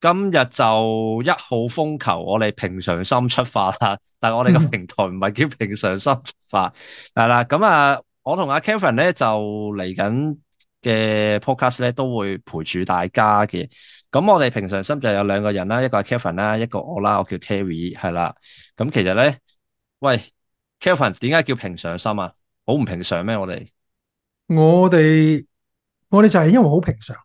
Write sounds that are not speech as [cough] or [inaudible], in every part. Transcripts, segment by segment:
今日就一號風球，我哋平常心出發啦。但係我哋個平台唔係叫平常心出發，係啦。 [laughs] 咁啊，我同阿 Kevin 咧就嚟緊嘅 podcast 咧都會陪住大家嘅。咁我哋平常心就有兩個人啦，一個係 Kevin 啦，一個我啦，我叫 Terry，係啦。咁、嗯、其實咧，喂，Kevin，點解叫平常心啊？好唔平常咩？我哋，我哋，我哋就係因為好平常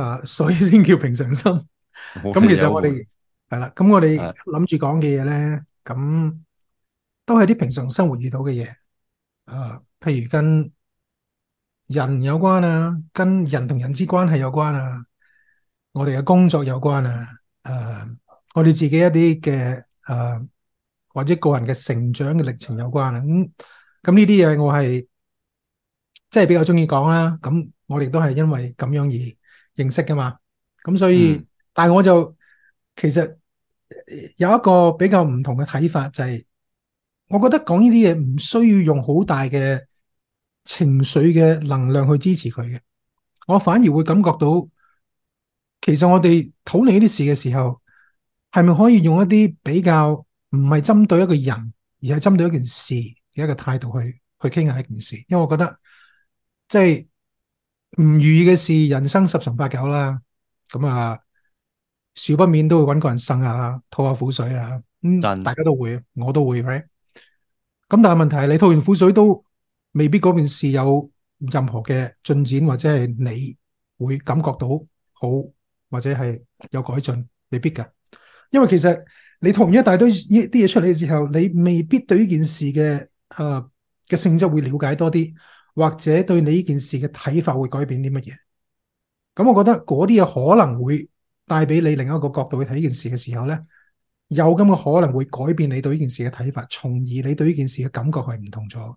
啊，所以先叫平常心。咁其實我哋係啦，咁我哋諗住講嘅嘢咧，咁都係啲平常生活遇到嘅嘢啊，譬如跟人有關啊，跟人同人之關係有關啊，我哋嘅工作有關啊，誒，我哋自己一啲嘅誒或者個人嘅成長嘅歷程有關啊，咁咁呢啲嘢我係即係比較中意講啦，咁我哋都係因為咁樣而認識㗎嘛，咁所以。但係我就其實有一個比較唔同嘅睇法，就是，就係我覺得講呢啲嘢，唔需要用好大嘅情緒嘅能量去支持佢嘅，我反而會感覺到，其實我哋討論呢啲事嘅時候，係咪可以用一啲比較唔係針對一個人，而係針對一件事嘅一個態度去去傾下一件事？因為我覺得即係唔如意嘅事，人生十常八九啦，咁啊。少不免都會揾個人呻下，吐下苦水啊，咁大家都會，我都會，咁但係問題係你吐完苦水都未必嗰件事有任何嘅進展，或者係你會感覺到好，或者係有改進，未必嘅。因為其實你吐完一大堆呢啲嘢出嚟嘅時候，你未必對呢件事嘅誒嘅性質會了解多啲，或者對你呢件事嘅睇法會改變啲乜嘢。咁我覺得嗰啲嘢可能會帶俾你另一個角度去睇件事嘅時候呢，有咁嘅可能會改變你對呢件事嘅睇法，從而你對呢件事嘅感覺係唔同咗。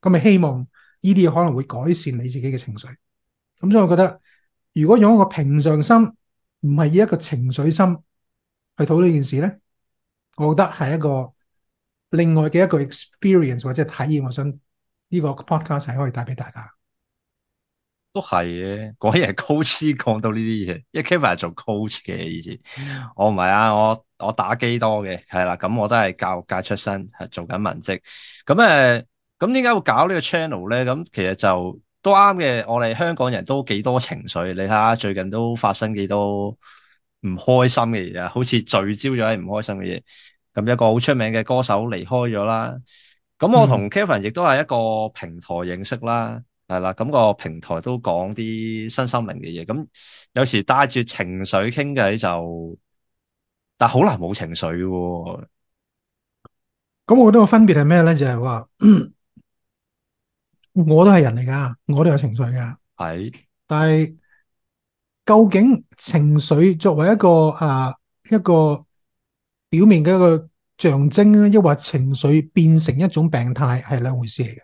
咁咪希望呢啲嘢可能會改善你自己嘅情緒。咁所以我覺得，如果用一個平常心，唔係以一個情緒心去討論件事呢，我覺得係一個另外嘅一個 experience 或者體驗。我想呢個 podcast 可以帶俾大家。都係嘅，果然係 coach 講到呢啲嘢，因為 Kevin 係做 coach 嘅，意思，我唔係啊，我我打機多嘅。係啦，咁我都係教育界出身，係做緊文職，咁誒，咁點解會搞呢個 channel 咧？咁其實就都啱嘅，我哋香港人都幾多情緒，你睇下最近都發生幾多唔開心嘅嘢，好似聚焦咗喺唔開心嘅嘢，咁一個好出名嘅歌手離開咗啦，咁我同 Kevin 亦都係一個平台認識啦。嗯係啦，咁個平台都講啲新心靈嘅嘢，咁有時帶住情緒傾偈就，但係好難冇情緒嘅。咁我覺得個分別係咩咧？就係話，我都係人嚟噶，我都有情緒噶。係，但係究竟情緒作為一個啊一個表面嘅一個象徵咧，抑或情緒變成一種病態，係兩回事嚟嘅。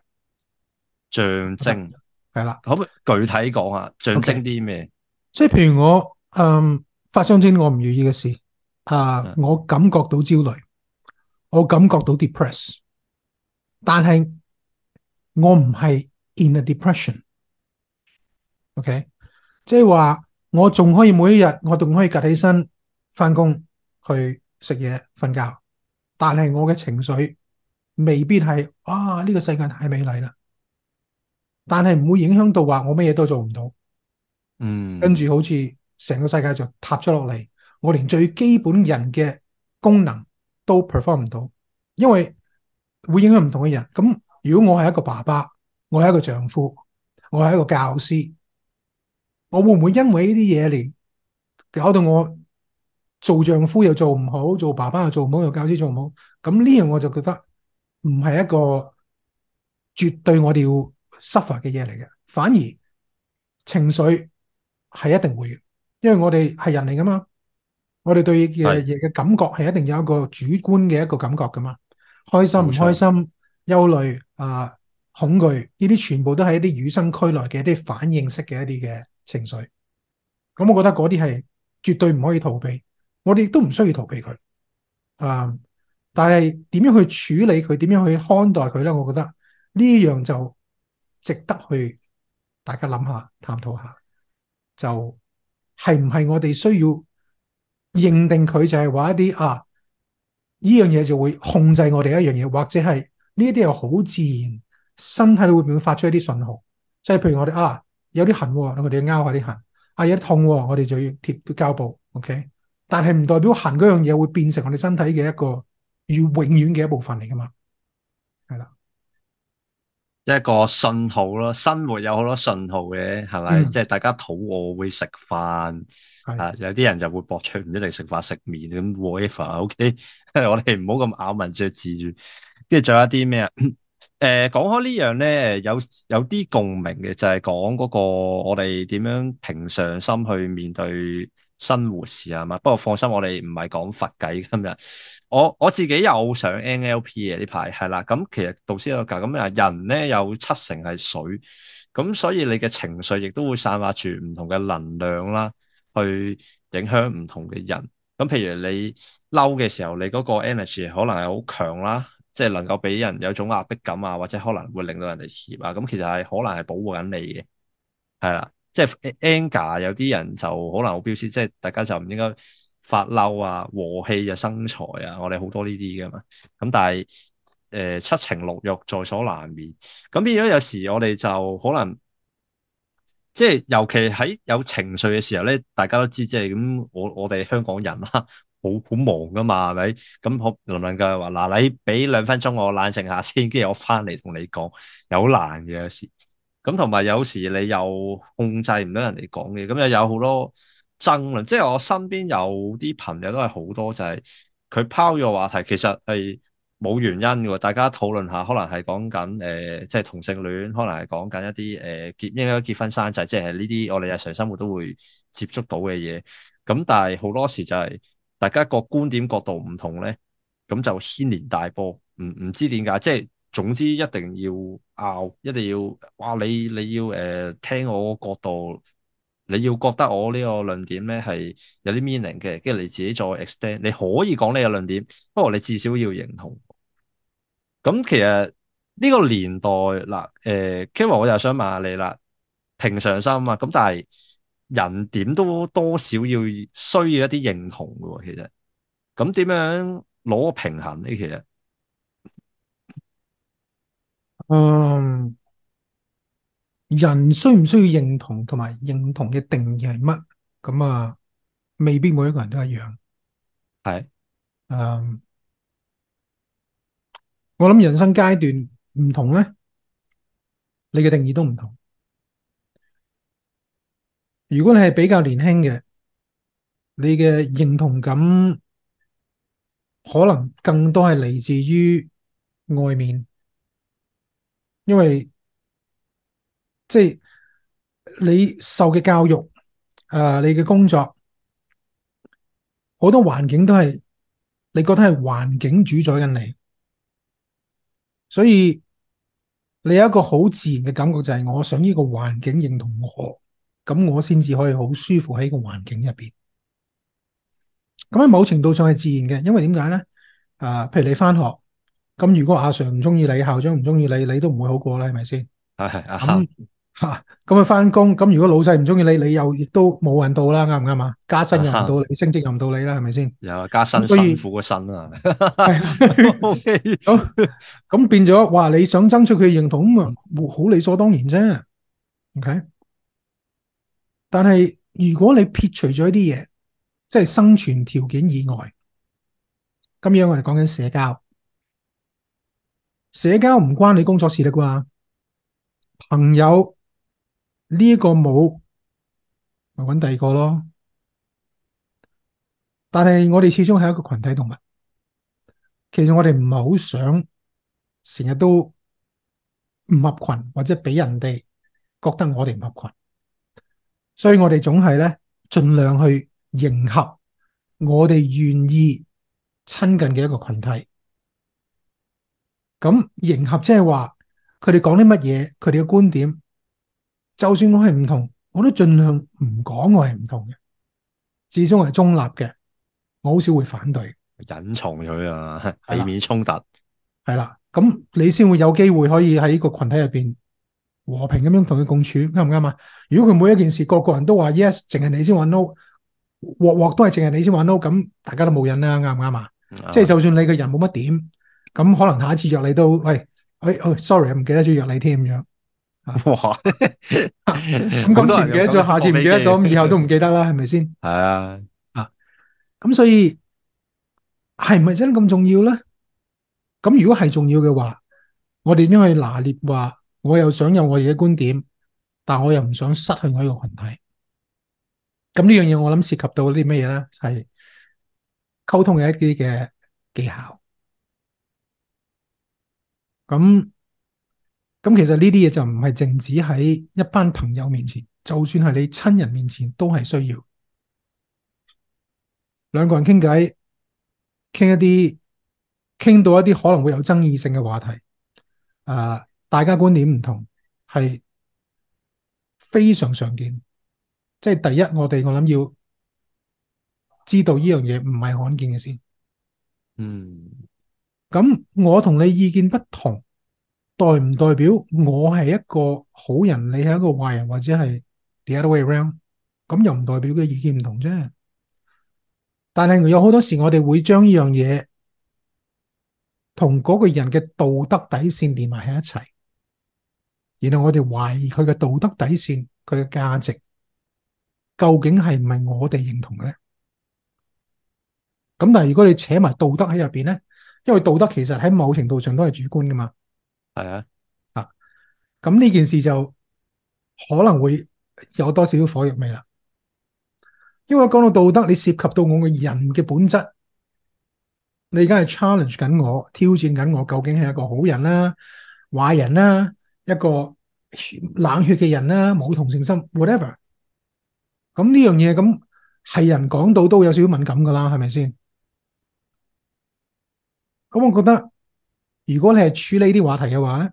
象徵係啦，Okay. 可唔可以具體講啊，象徵啲咩？Okay. 即係譬如我誒、嗯、發生啲，呃、Yeah. 我唔願意嘅事啊，我感覺到焦慮，我感覺到 depress，但係我唔係 in a depression。OK，即係話我仲可以每一日，我仲可以隔起身翻工、去食嘢、瞓覺，但係我嘅情緒未必係哇呢、這個世界太美麗啦。但係唔會影響到話我乜嘢都做唔到，嗯，跟住好似成個世界就塌咗落嚟，我連最基本人嘅功能都 perform 唔到，因為會影響唔同嘅人。咁如果我係一個爸爸，我係一個丈夫，我係一個教師，我會唔會因為呢啲嘢嚟搞到我做丈夫又做唔好，做爸爸又做唔好，又教師又做唔好？咁呢樣我就覺得唔係一個絕對我哋要 suffer 嘅嘢嚟嘅，反而情緒係一定會，因為我哋係人嚟噶嘛，我哋對嘅嘢嘅感覺係一定有一個主觀嘅一個感覺噶嘛，開心唔開心、憂慮啊、恐懼呢啲全部都係一啲與生俱來嘅一啲反應式嘅一啲嘅情緒，咁我覺得嗰啲係絕對唔可以逃避，我哋亦都唔需要逃避佢，啊、呃，但係點樣去處理佢，點樣去看待佢咧？我覺得呢樣就。值得去大家諗下、探討下，就係唔係我哋需要認定佢就係話一啲啊呢樣嘢就會控制我哋一樣嘢，或者係呢啲又好自然，身體會唔會發出一啲信號？即係譬如我哋啊有啲痕，我哋要拗下啲痕；啊有啲、啊、痛，啊、我哋就要貼膠布。OK，但係唔代表痕嗰樣嘢會變成我哋身體嘅一個要永遠嘅一部分嚟噶嘛？係啦。一個信號咯，生活有好多信號嘅，係咪？嗯、即係大家肚餓會食飯，的啊，有啲人就會博出唔一定食飯食麵咁 whatever。Whatever, OK， [laughs] 我哋唔好咁咬文嚼字住，跟住仲有一啲咩啊？誒、 [laughs] 呃，講開呢樣咧，有有啲共鳴嘅就係、是、講嗰個我哋點樣平常心去面對生活事啊嘛。不過放心，我哋唔係講佛偈今日。今我我自己有上 NLP 嘅呢排，係啦，咁其實導師有教，咁啊人咧有七成係水，咁所以你嘅情緒亦都會散發住唔同嘅能量啦，去影響唔同嘅人。咁譬如你嬲嘅時候，你嗰個 energy 可能係好強啦，即係能夠俾人有種壓迫感啊，或者可能會令到人哋怯啊。咁其實係可能係保護緊你嘅，係啦，即係 anger 有啲人就可能好標籤，即係大家就唔應該。發嬲啊，和氣就、啊、生財啊！我哋好多呢啲嘅嘛，咁但係誒、呃、七情六欲在所難免。咁變咗有時我哋就可能即係，尤其喺有情緒嘅時候咧，大家都知即係咁。我我哋香港人啦， [laughs] 好好忙噶嘛，係咪？咁好林林嘅話嗱，你俾兩分鐘我冷靜下先，跟住我翻嚟同你講，有難嘅有時。咁同埋有時你又控制唔到人哋講嘅，咁又有好多。爭論，即係我身邊有啲朋友都係好多，就係佢拋咗個話題，其實係冇原因嘅。大家討論下，可能係講緊誒，即係同性戀，可能係講緊一啲誒、呃、結應該結婚生仔，即係呢啲我哋日常生活都會接觸到嘅嘢。咁但係好多時就係大家個觀點角度唔同咧，咁就牽連大波。唔唔知點解，即係總之一定要拗，一定要哇你你要誒、呃、聽我個角度。你要覺得我呢個論點咧係有啲 meaning 嘅，跟住你自己再 extend，你可以講你嘅論點，不過你至少要認同。咁、嗯、其實呢、這個年代嗱，誒 Kevin 我又想問下你啦，平常心啊，咁但係人點都多少要需要一啲認同嘅喎，其實。咁點樣攞個平衡呢？其實，嗯。人需唔需要認同，同埋認同嘅定義係乜？咁啊，未必每一個人都一樣。係的，誒，um, 我諗人生階段唔同咧，你嘅定義都唔同。如果你係比較年輕嘅，你嘅認同感可能更多係嚟自於外面，因為。即係你受嘅教育，誒、呃，你嘅工作，好多環境都係你覺得係環境主宰緊你，所以你有一個好自然嘅感覺，就係我想呢個環境認同我，咁我先至可以好舒服喺個環境入邊。咁喺某程度上係自然嘅，因為點解呢？啊、呃，譬如你返學，咁如果阿 Sir 唔中意你，校長唔中意你，你都唔會好過啦，係咪先？係係咁。吓，咁啊，翻工咁，如果老細唔中意你，你又亦都冇運到啦，啱唔啱啊？加薪又唔到你，升職又唔到你啦，係咪先？有加薪辛苦個身啊！O K，係咁變咗話你想爭取佢認同咁啊，好理所當然啫。O K，但係如果你撇除咗啲嘢，即係生存條件以外，咁樣我哋講緊社交，社交唔關你工作事啦啩，朋友。呢個冇，咪揾第二個咯。但係我哋始終係一個群體動物，其實我哋唔係好想成日都唔合群，或者俾人哋覺得我哋唔合群，所以我哋總係咧盡量去迎合我哋願意親近嘅一個群體。咁迎合即係話，佢哋講啲乜嘢，佢哋嘅觀點。就算我係唔同，我都盡量唔講我係唔同嘅，始終係中立嘅。我好少會反對，隱藏佢啊，避免 [laughs] 的衝突。係啦，咁你先會有機會可以喺個群體入邊和平咁樣同佢共處，啱唔啱啊？如果佢每一件事，個個人都話 yes，淨係你先玩 no，鑊鑊都係淨係你先玩 no，咁大家都冇癮啦，啱唔啱啊？即係的就，就算你個人冇乜點，咁可能下一次約你都喂，喂、哎，喂、哎哎哎，sorry 唔記得咗約你添咁樣。哇！咁今次唔記得咗，下次唔記得咗，咁以後都唔記得啦，係咪先？係啊，咁所以係咪真咁重要咧？咁如果係重要嘅話，我哋因為拿捏話，我又想有我嘅觀點，但我又唔想失去我呢個群體。咁呢樣嘢，我諗涉及到啲咩嘢咧？就係溝通嘅一啲嘅技巧。咁。咁其實呢啲嘢就唔係淨止喺一班朋友面前，就算係你親人面前都係需要。兩個人傾偈，傾一啲，傾到一啲可能會有爭議性嘅話題，誒，呃，大家觀點唔同，係非常常見。即係第一，我哋我諗要知道呢樣嘢唔係罕見嘅先。嗯。咁我同你意見不同。代唔代表我係一個好人，你係一個壞人，或者係 the other way round，咁又唔代表嘅意見唔同啫。但係有好多時，我哋會將呢樣嘢同嗰個人嘅道德底線連埋喺一齊，然後我哋懷疑佢嘅道德底線，佢嘅價值究竟係唔係我哋認同嘅咧？咁但係如果你扯埋道德喺入邊咧，因為道德其實喺某程度上都係主觀噶嘛。係啊，啊，咁呢件事就可能會有多少火藥味啦。因為我講到道德，你涉及到我嘅人嘅本質，你而家係 challenge 緊我，挑戰緊我究竟係一個好人啦、啊、壞人啦、啊、一個冷血嘅人啦、啊、冇同情心，whatever。咁呢樣嘢咁係人講到都有少少敏感噶啦，係咪先？咁、嗯、我覺得。如果你係處理啲話題嘅話咧，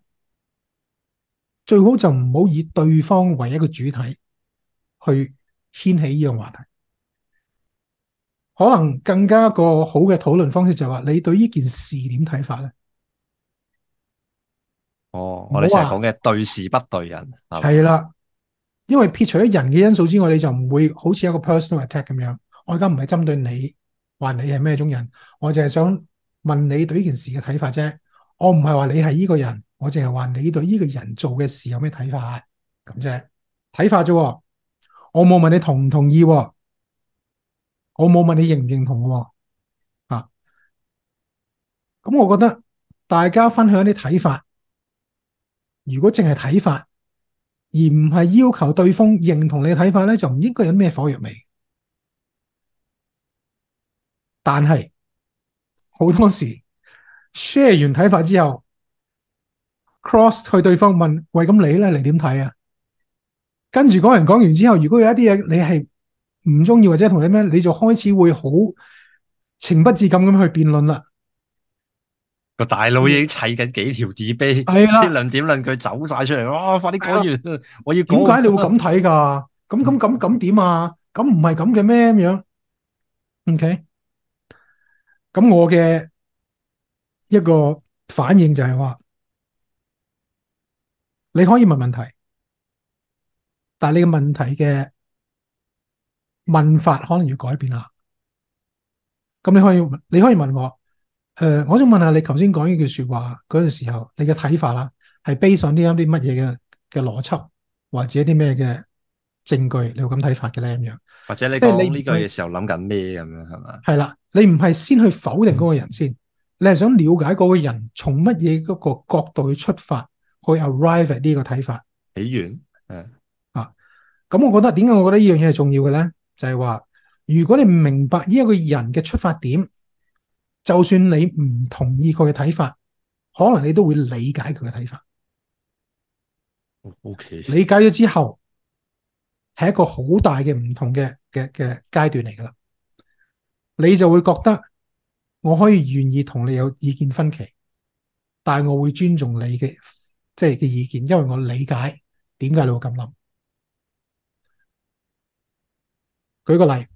最好就唔好以對方為一個主體去掀起呢樣話題。可能更加一個好嘅討論方式就係話：你對呢件事點睇法咧？哦，我哋成日講嘅對事不對人，係啦。了因為撇除咗人嘅因素之外，你就唔會好似一個 personal attack 咁樣。我而家唔係針對你話你係咩種人，我就係想問你對呢件事嘅睇法啫。我唔係話你係呢個人，我淨係話你對呢個人做嘅事有咩睇法啊？咁啫，睇法啫。我冇問你同唔同意，哦，我冇問你認唔認同，哦。啊，咁、嗯、我覺得大家分享啲睇法，如果淨係睇法，而唔係要求對方認同你嘅睇法咧，就唔應該有咩火藥味。但係好多時。share 完睇法之後，cross 去對方問：喂咁你咧，你點睇啊？跟住嗰人講完之後，如果有一啲嘢你係唔中意或者同你咩，你就開始會好情不自禁咁去辯論啦。個大腦已經砌緊幾條自卑，係啦，論點論據走晒出嚟。哇！快啲講完，我要點解你會咁睇噶？咁咁咁咁點啊？咁唔係咁嘅咩咁樣？OK，咁我嘅。一個反應就係話，你可以問問題，但係你嘅問題嘅問法可能要改變啦。咁你可以，你可以問我，誒、呃，我想問下你頭先講呢句說話嗰陣、那個、時候，你嘅睇法啦，係悲上啲啱啲乜嘢嘅嘅邏輯，或者啲咩嘅證據你會，你咁睇法嘅咧咁樣？或者你講呢句嘅時候諗緊咩咁樣係嘛？係啦你吧，你唔係先去否定嗰個人先、嗯。你係想了解嗰個人從乜嘢嗰個角度去出發，去 arrive at 呢個睇法。起源，誒、嗯、啊！咁我覺得點解我覺得呢樣嘢係重要嘅咧？就係、是、話，如果你唔明白呢一個人嘅出發點，就算你唔同意佢嘅睇法，可能你都會理解佢嘅睇法。O Okay . K，理解咗之後係一個好大嘅唔同嘅嘅嘅階段嚟㗎喇，你就會覺得。我可以願意同你有意見分歧，但係我會尊重你嘅即係嘅意見，因為我理解點解你會咁諗。舉個例，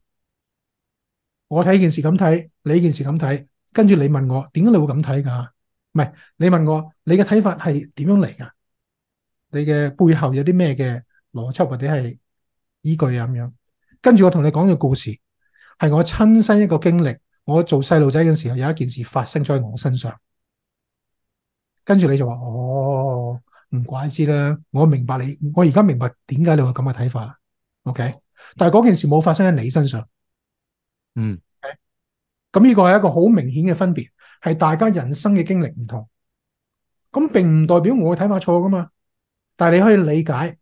我睇件事咁睇，你件事咁睇，跟住你問我點解你會咁睇噶？唔係你問我你嘅睇法係點樣嚟噶？你嘅背後有啲咩嘅邏輯或者係依據啊，咁樣？跟住我同你講嘅故事，係我親身一個經歷。我做細路仔嘅時候，有一件事發生在我身上，跟住你就話：哦，唔怪之啦，我明白你，我而家明白點解你會咁嘅睇法啦。OK，但係嗰件事冇發生喺你身上。嗯，咁呢個係一個好明顯嘅分別，係大家人生嘅經歷唔同。咁並唔代表我睇法錯噶嘛，但係你可以理解。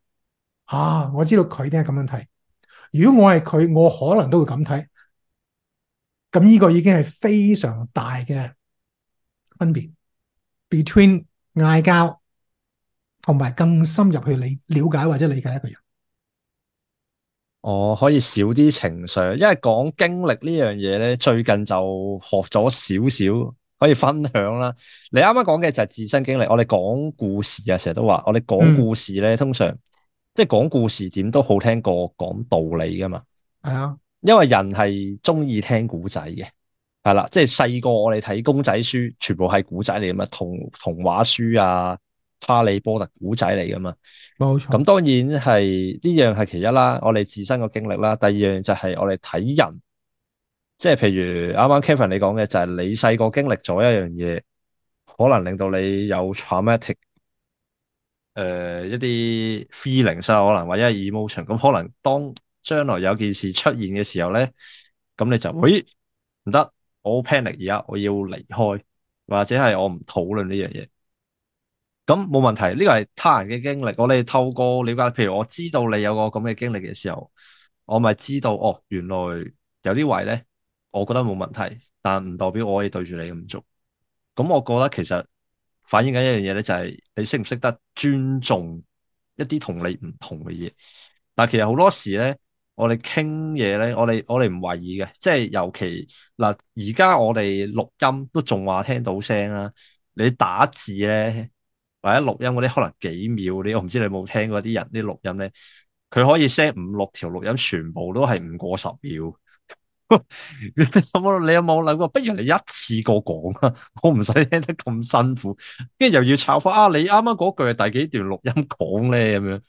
啊，我知道佢點解咁樣睇。如果我係佢，我可能都會咁睇。咁呢個已經係非常大嘅分別，between 嗌交同埋更深入去理了解或者理解一個人。我，可以少啲情緒，因為講經歷呢樣嘢咧，最近就學咗少少，可以分享啦。你啱啱講嘅就係自身經歷，我哋講故事啊，成日都話我哋講故事咧，嗯、通常即係講故事點都好聽過講道理㗎嘛。係啊。因為人係中意聽古仔嘅，係啦，即係細個我哋睇公仔書，全部係古仔嚟噶嘛，童童話書啊，哈利波特古仔嚟噶嘛，冇錯。咁當然係呢樣係其一啦，我哋自身嘅經歷啦。第二樣就係我哋睇人，即係譬如啱啱 Kevin 你講嘅就係、是、你細個經歷咗一樣嘢，可能令到你有 traumatic，誒、呃、一啲 feelings 啊，可能或者係 emotion，咁可能當。將來有件事出現嘅時候咧，咁你就喂唔得，我 panic 而家我要離開，或者係我唔討論呢樣嘢。咁冇問題，呢個係他人嘅經歷。我哋透過了解，譬如我知道你有個咁嘅經歷嘅時候，我咪知道哦，原來有啲位咧，我覺得冇問題，但唔代表我可以對住你咁做。咁我覺得其實反映緊一樣嘢咧，就係你識唔識得尊重一啲同你唔同嘅嘢？但其實好多時咧。我哋傾嘢咧，我哋我哋唔懷疑嘅，即係尤其嗱，而家我哋錄音都仲話聽到聲啦。你打字咧，或者錄音嗰啲，可能幾秒啲，我唔知你有冇聽過啲人啲錄音咧，佢可以 send 五六條錄音，全部都係唔過十秒。咁啊，你有冇諗過，不如你一次過講啊，我唔使聽得咁辛苦，跟住又要抄翻啊？你啱啱嗰句係第幾段錄音講咧？咁樣，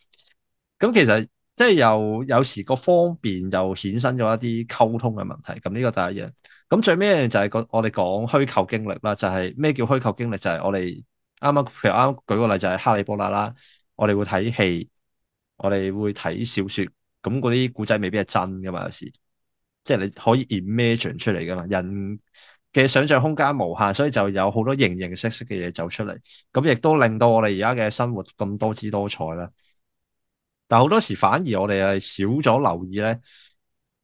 咁其實。即係又有時個方便又衍生咗一啲溝通嘅問題，咁呢個第一樣。咁最尾就係個我哋講虛構經歷啦，就係咩叫虛構經歷？就係我哋啱啱譬如啱舉個例就係哈利波特啦，我哋會睇戲，我哋會睇小説，咁嗰啲古仔未必係真噶嘛，有時即係你可以 imagine 出嚟噶嘛，人嘅想像空間無限，所以就有好多形形色色嘅嘢走出嚟，咁亦都令到我哋而家嘅生活咁多姿多彩啦。但好多時反而我哋係少咗留意咧，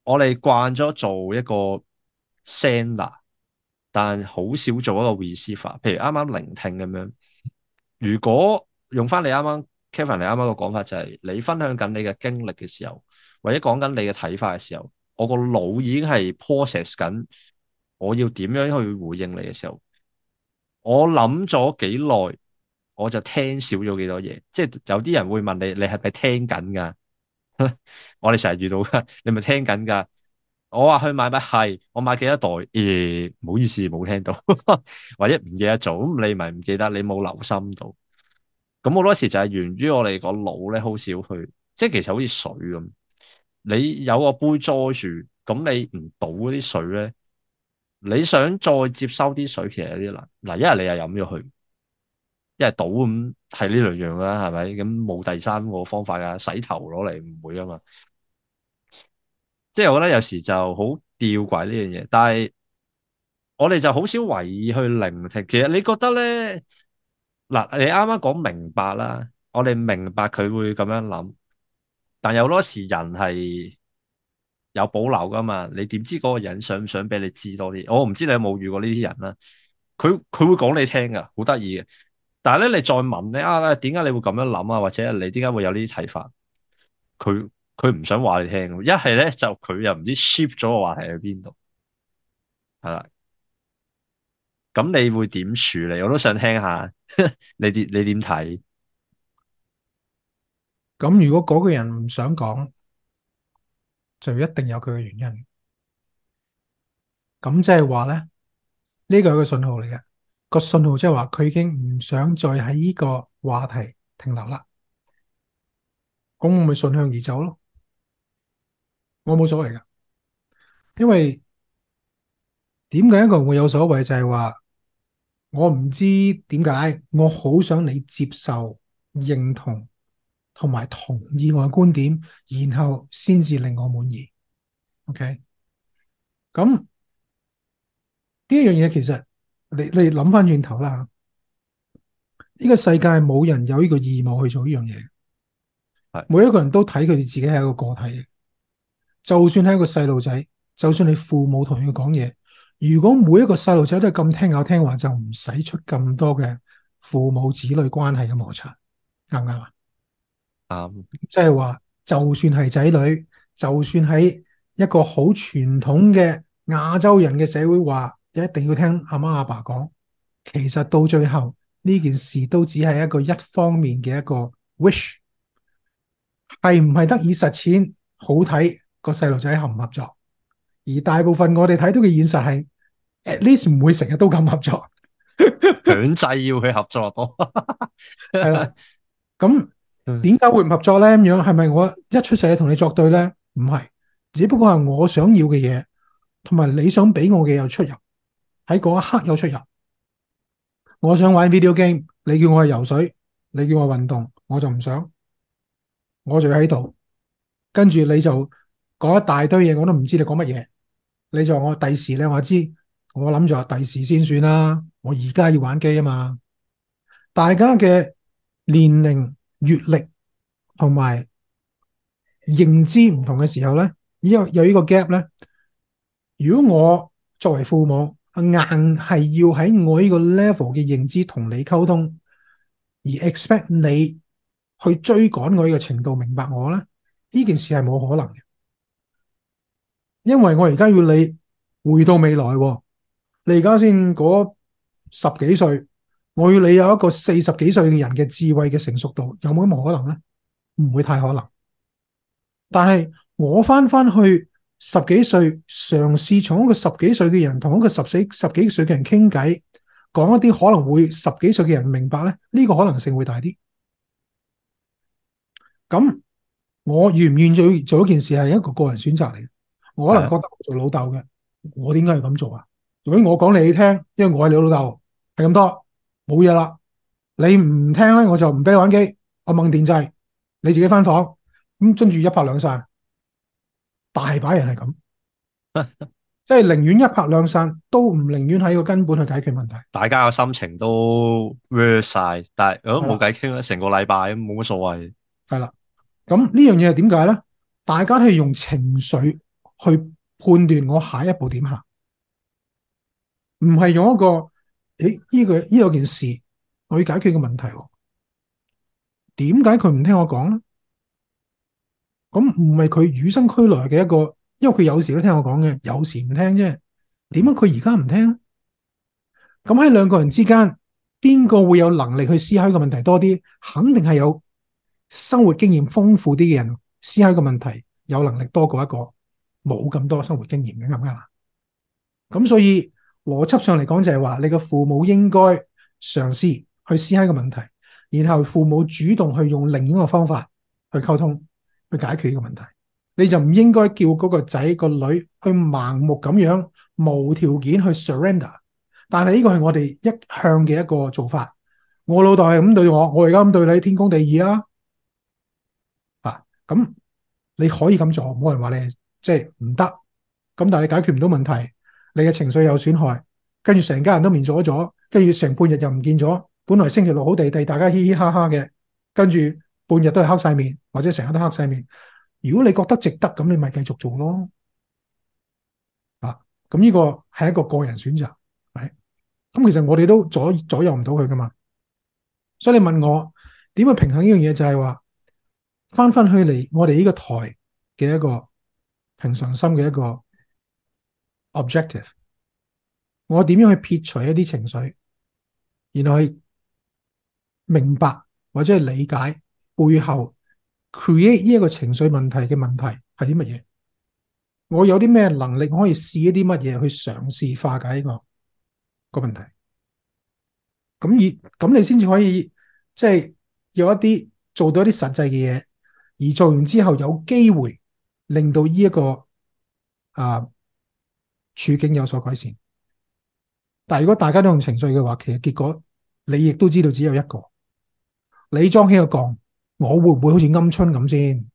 我哋慣咗做一個 sender，但好少做一個 receiver。譬如啱啱聆聽咁樣，如果用翻你啱啱 Kevin 你啱啱個講法，就是，就係你分享緊你嘅經歷嘅時候，或者講緊你嘅睇法嘅時候，我個腦已經係 process 緊，我要點樣去回應你嘅時候，我諗咗幾耐。我就聽少咗幾多嘢，即係有啲人會問你，你係咪聽緊噶？ [laughs] 我哋成日遇到噶，你咪聽緊噶？我話去買乜係？我買幾多袋？誒、欸，唔好意思，冇聽到， [laughs] 或者唔記得咗，咁你咪唔記得，你冇留心到。咁好多時就係源於我哋個腦咧，好少去，即係其實好似水咁，你有個杯裝住，咁你唔倒嗰啲水咧，你想再接收啲水，其實有啲難。嗱，一係你又飲咗去。一係賭咁係呢兩樣啦，係咪？咁冇第三個方法噶，洗頭攞嚟唔會啊嘛。即係我覺得有時就好吊詭呢樣嘢，但係我哋就好少留意去聆聽。其實你覺得咧，嗱，你啱啱講明白啦，我哋明白佢會咁樣諗。但有好多時人係有保留噶嘛，你點知嗰個人想唔想俾你知多啲？我唔知你有冇遇過呢啲人啦。佢佢會講你聽噶，好得意嘅。但係咧，你再問你啊，點解你會咁樣諗啊？或者你點解會有呢啲睇法？佢佢唔想話你聽，一係咧就佢又唔知 shift 咗個話題去邊度，係啦。咁你會點處理？我都想聽下 [laughs] 你點你點睇。咁如果嗰個人唔想講，就一定有佢嘅原因。咁即係話咧，呢個係個信號嚟嘅。個信號即係話佢已經唔想再喺呢個話題停留啦，咁我咪順向而走咯。我冇所謂㗎，因為點解一個人會有所謂？就係話我唔知點解，我好想你接受、認同、同埋同意我嘅觀點，然後先至令我滿意。OK，咁呢一樣嘢其實。你你諗翻轉頭啦，呢個世界冇人有呢個義務去做呢樣嘢。每一個人都睇佢哋自己係一個個體嘅，就算係一個細路仔，就算你父母同佢講嘢，如果每一個細路仔都係咁聽教聽話，就唔使出咁多嘅父母子女關係嘅摩擦，啱唔啱啊？啱、嗯，即係話，就算係仔女，就算喺一個好傳統嘅亞洲人嘅社會話。一定要聽阿媽阿爸講，其實到最後呢件事都只係一個一方面嘅一個 wish，係唔係得以實踐好睇個細路仔合唔合作？而大部分我哋睇到嘅現實係 [laughs] at least 唔會成日都咁合作，強 [laughs] 制要去合作多。係 [laughs] 啦， [laughs] 咁點解會唔合作咧？咁樣係咪我一出世同你作對咧？唔係，只不過係我想要嘅嘢，同埋你想俾我嘅又出入。喺嗰一刻有出入。我想玩 video game，你叫我去游水，你叫我運動，我就唔想。我就喺度，跟住你就講一大堆嘢，我都唔知你講乜嘢。你就話我第時你話知，我諗住話第時先算啦。我而家要玩機啊嘛。大家嘅年齡、閱歷同埋認知唔同嘅時候咧，有有呢個 gap 咧。如果我作為父母，硬係要喺我呢個 level 嘅認知同你溝通，而 expect 你去追趕我呢個程度明白我咧，呢件事係冇可能嘅。因為我而家要你回到未來，你而家先嗰十幾歲，我要你有一個四十幾歲嘅人嘅智慧嘅成熟度，有冇咁可能呢？唔會太可能。但係我翻翻去。十幾歲嘗試從一個十幾歲嘅人，同一個十四、十幾歲嘅人傾偈，講一啲可能會十幾歲嘅人明白咧，呢、這個可能性會大啲。咁我願唔願意做一件事係一個個人選擇嚟嘅。我可能覺得我做老豆嘅，我點解要咁做啊？如果我講你聽，因為我係你老豆，係咁多冇嘢啦。你唔聽咧，我就唔俾你玩機，我掹電掣，你自己翻房咁，跟住一拍兩散。大把人係咁， [laughs] 即係寧願一拍兩散，都唔寧願喺個根本去解決問題。大家嘅心情都 release 晒，但係我都冇偈傾咧，成的個禮拜冇乜所謂。係啦，咁呢樣嘢係點解咧？大家係用情緒去判斷我下一步點行，唔係用一個誒呢、呢個呢兩、呢個、件事去要解決嘅問題，點解佢唔聽我講咧？咁唔係佢與生俱來嘅一個，因為佢有時都聽我講嘅，有時唔聽啫。點解佢而家唔聽？咁喺兩個人之間，邊個會有能力去思考一個問題多啲？肯定係有生活經驗豐富啲嘅人思考一個問題，有能力多過一個冇咁多生活經驗嘅，啱唔啱啊？咁所以邏輯上嚟講就，就係話你嘅父母應該嘗試去思考一個問題，然後父母主動去用另一個方法去溝通，去解決呢個問題，你就唔應該叫嗰個仔個女去盲目咁樣無條件去 surrender。但係呢個係我哋一向嘅一個做法。我老豆係咁對我，我而家咁對你，天公地義啊！啊，咁你可以咁做，冇人話你即係唔得。咁但係你解決唔到問題，你嘅情緒有損害，跟住成家人都面阻阻，跟住成半日又唔見咗。本來星期六好地地，大家嘻嘻哈哈嘅，跟住。半日都係黑晒面，或者成日都黑晒面。如果你覺得值得，咁你咪繼續做咯。啊、咁、嗯、呢、這個係一個個人選擇，係。咁、嗯、其實我哋都左右左右唔到佢噶嘛。所以你問我點去平衡呢樣嘢，就係話翻翻去嚟我哋呢個台嘅一個平常心嘅一個 objective，我點樣去撇除一啲情緒，然後去明白或者係理解。背後 create 呢一個情緒問題嘅問題係啲乜嘢？我有啲咩能力可以試一啲乜嘢去嘗試化解呢、這個、這個問題？咁以咁你先至可以即係有一啲做到一啲實際嘅嘢，而做完之後有機會令到呢、這、一個啊，處境有所改善。但係如果大家都用情緒嘅話，其實結果你亦都知道只有一個，你裝起個鋼。我會唔會好似鵪鶉咁先？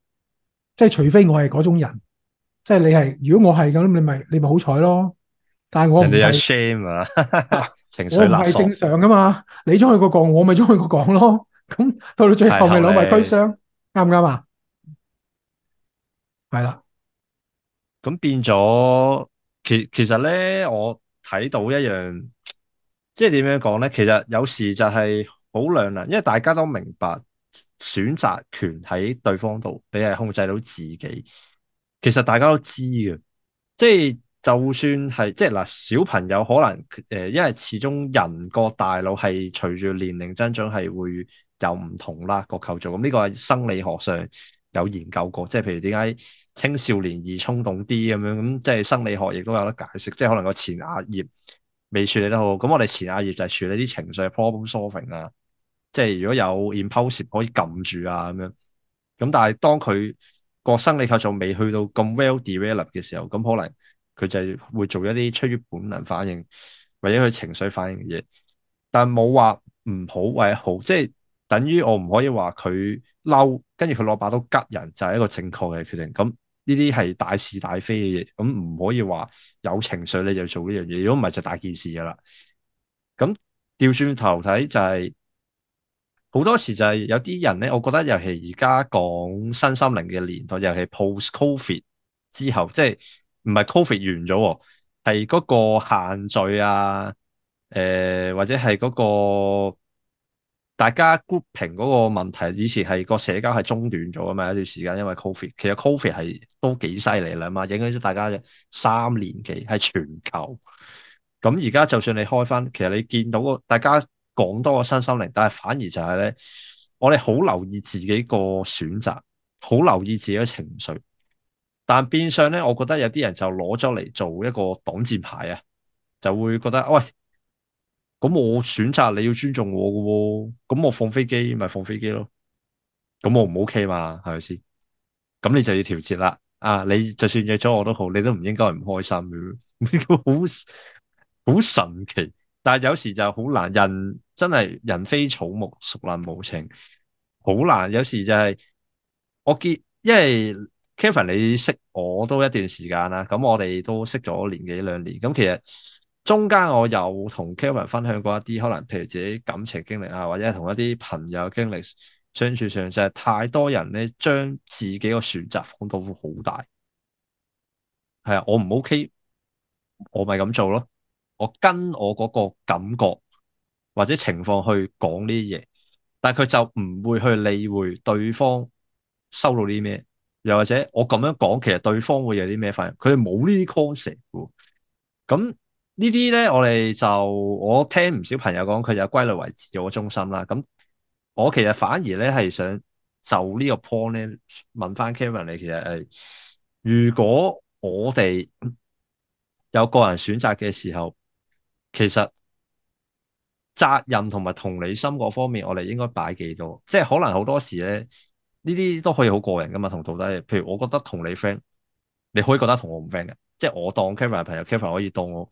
即係除非我係嗰種人，即係你係。如果我係咁，你咪你咪好彩咯。但係我唔係。人哋係 shame 啊！ [laughs] 情緒唔係正常噶嘛？你中意個講，我咪中意個講咯。咁到到最後咪兩敗俱傷，啱唔啱啊？係啦。咁變咗，其其實咧，我睇到一樣，即係點樣講咧？其實有時就係好兩難，因為大家都明白。選擇權喺對方度，你係控制到自己。其實大家都知嘅，即、就、係、是、就算係即係嗱，就是、小朋友可能誒、呃，因為始終人個大腦係隨住年齡增長係會有唔同啦個構造。咁、這、呢個係生理學上有研究過，即係譬如點解青少年易衝動啲咁樣，咁即係生理學亦都有得解釋。即、就、係、是、可能個前額葉未處理得好，咁我哋前額葉就係處理啲情緒嘅 problem solving 啊。即係如果有 impulse 可以撳住啊咁樣，咁但係當佢個生理構造未去到咁 well developed 嘅時候，咁可能佢就會做一啲出於本能反應或者佢情緒反應嘅嘢，但冇話唔好或者好，即係等於我唔可以話佢嬲，跟住佢攞把刀吉人就係一個正確嘅決定。咁呢啲係大是大非嘅嘢，咁唔可以話有情緒你就做呢樣嘢，如果唔係就大件事噶啦。咁調轉頭睇就係、是。好多時就係有啲人咧，我覺得尤其而家講新心靈嘅年代，尤其 post COVID 之後，即係唔係 COVID 完咗，係嗰個限聚啊，誒、呃、或者係嗰個大家 grouping 嗰個問題，以前係個社交係中斷咗啊嘛一段時間，因為 COVID，其實 COVID 係都幾犀利啦嘛，影響咗大家嘅三年幾，係全球。咁而家就算你開返，其實你見到個大家。講多個新心靈，但係反而就係咧，我哋好留意自己個選擇，好留意自己嘅情緒，但係變上咧，我覺得有啲人就攞咗嚟做一個擋箭牌啊，就會覺得喂，咁我選擇你要尊重我噶喎、哦，咁我放飛機咪放飛機咯，咁我唔 OK 嘛，係咪先？咁你就要調節啦，啊，你就算約咗我都好，你都唔應該唔開心嘅，呢個好好神奇，但係有時就好難人。真係人非草木，孰能無情，好難。有時就係我見，因為 Kevin 你識我都一段時間啦，咁我哋都識咗年幾兩年。咁其實中間我有同 Kevin 分享過一啲可能，譬如自己感情經歷啊，或者係同一啲朋友經歷相處上，就係太多人咧，將自己個選擇放到好大。係啊，我唔 OK，我咪咁做咯。我跟我嗰個感覺。或者情況去講呢啲嘢，但係佢就唔會去理會對方收到啲咩，又或者我咁樣講，其實對方會有啲咩反應？佢冇呢啲 concept 喎。咁呢啲咧，我哋就我聽唔少朋友講，佢有歸類為自我中心啦。咁我其實反而咧係想就呢個 point 咧問返 Kevin 你，其實係如果我哋有個人選擇嘅時候，其實。責任同埋同理心嗰方面，我哋應該擺幾多？即係可能好多時咧，呢啲都可以好個人噶嘛，同徒弟，譬如我覺得同你 friend，你可以覺得同我唔 friend 嘅，即係我當 Kevin 嘅朋友，Kevin 可以當我，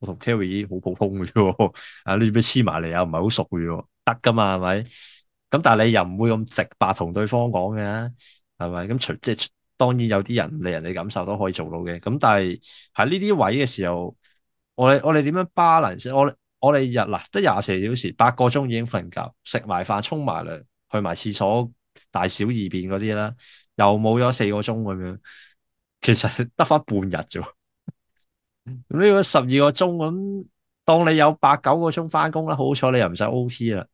我同 Kevin 好普通嘅啫喎。啊， [laughs] 你做咩黐埋嚟啊？唔係好熟嘅喎，得噶嘛，係咪？咁但係你又唔會咁直白同對方講嘅，係咪？咁除即係當然有啲人理人哋感受都可以做到嘅。咁但係喺呢啲位嘅時候，我哋我哋點樣 balance？我我哋日嗱得廿四小時，八個鐘已經瞓覺，食埋飯，沖埋涼，去埋廁所，大小二便嗰啲啦，又冇咗四個鐘咁樣，其實得翻半日啫。呢 [laughs] 個十二個鐘咁，當你有八九個鐘翻工啦，好彩你又唔使 OT 啦。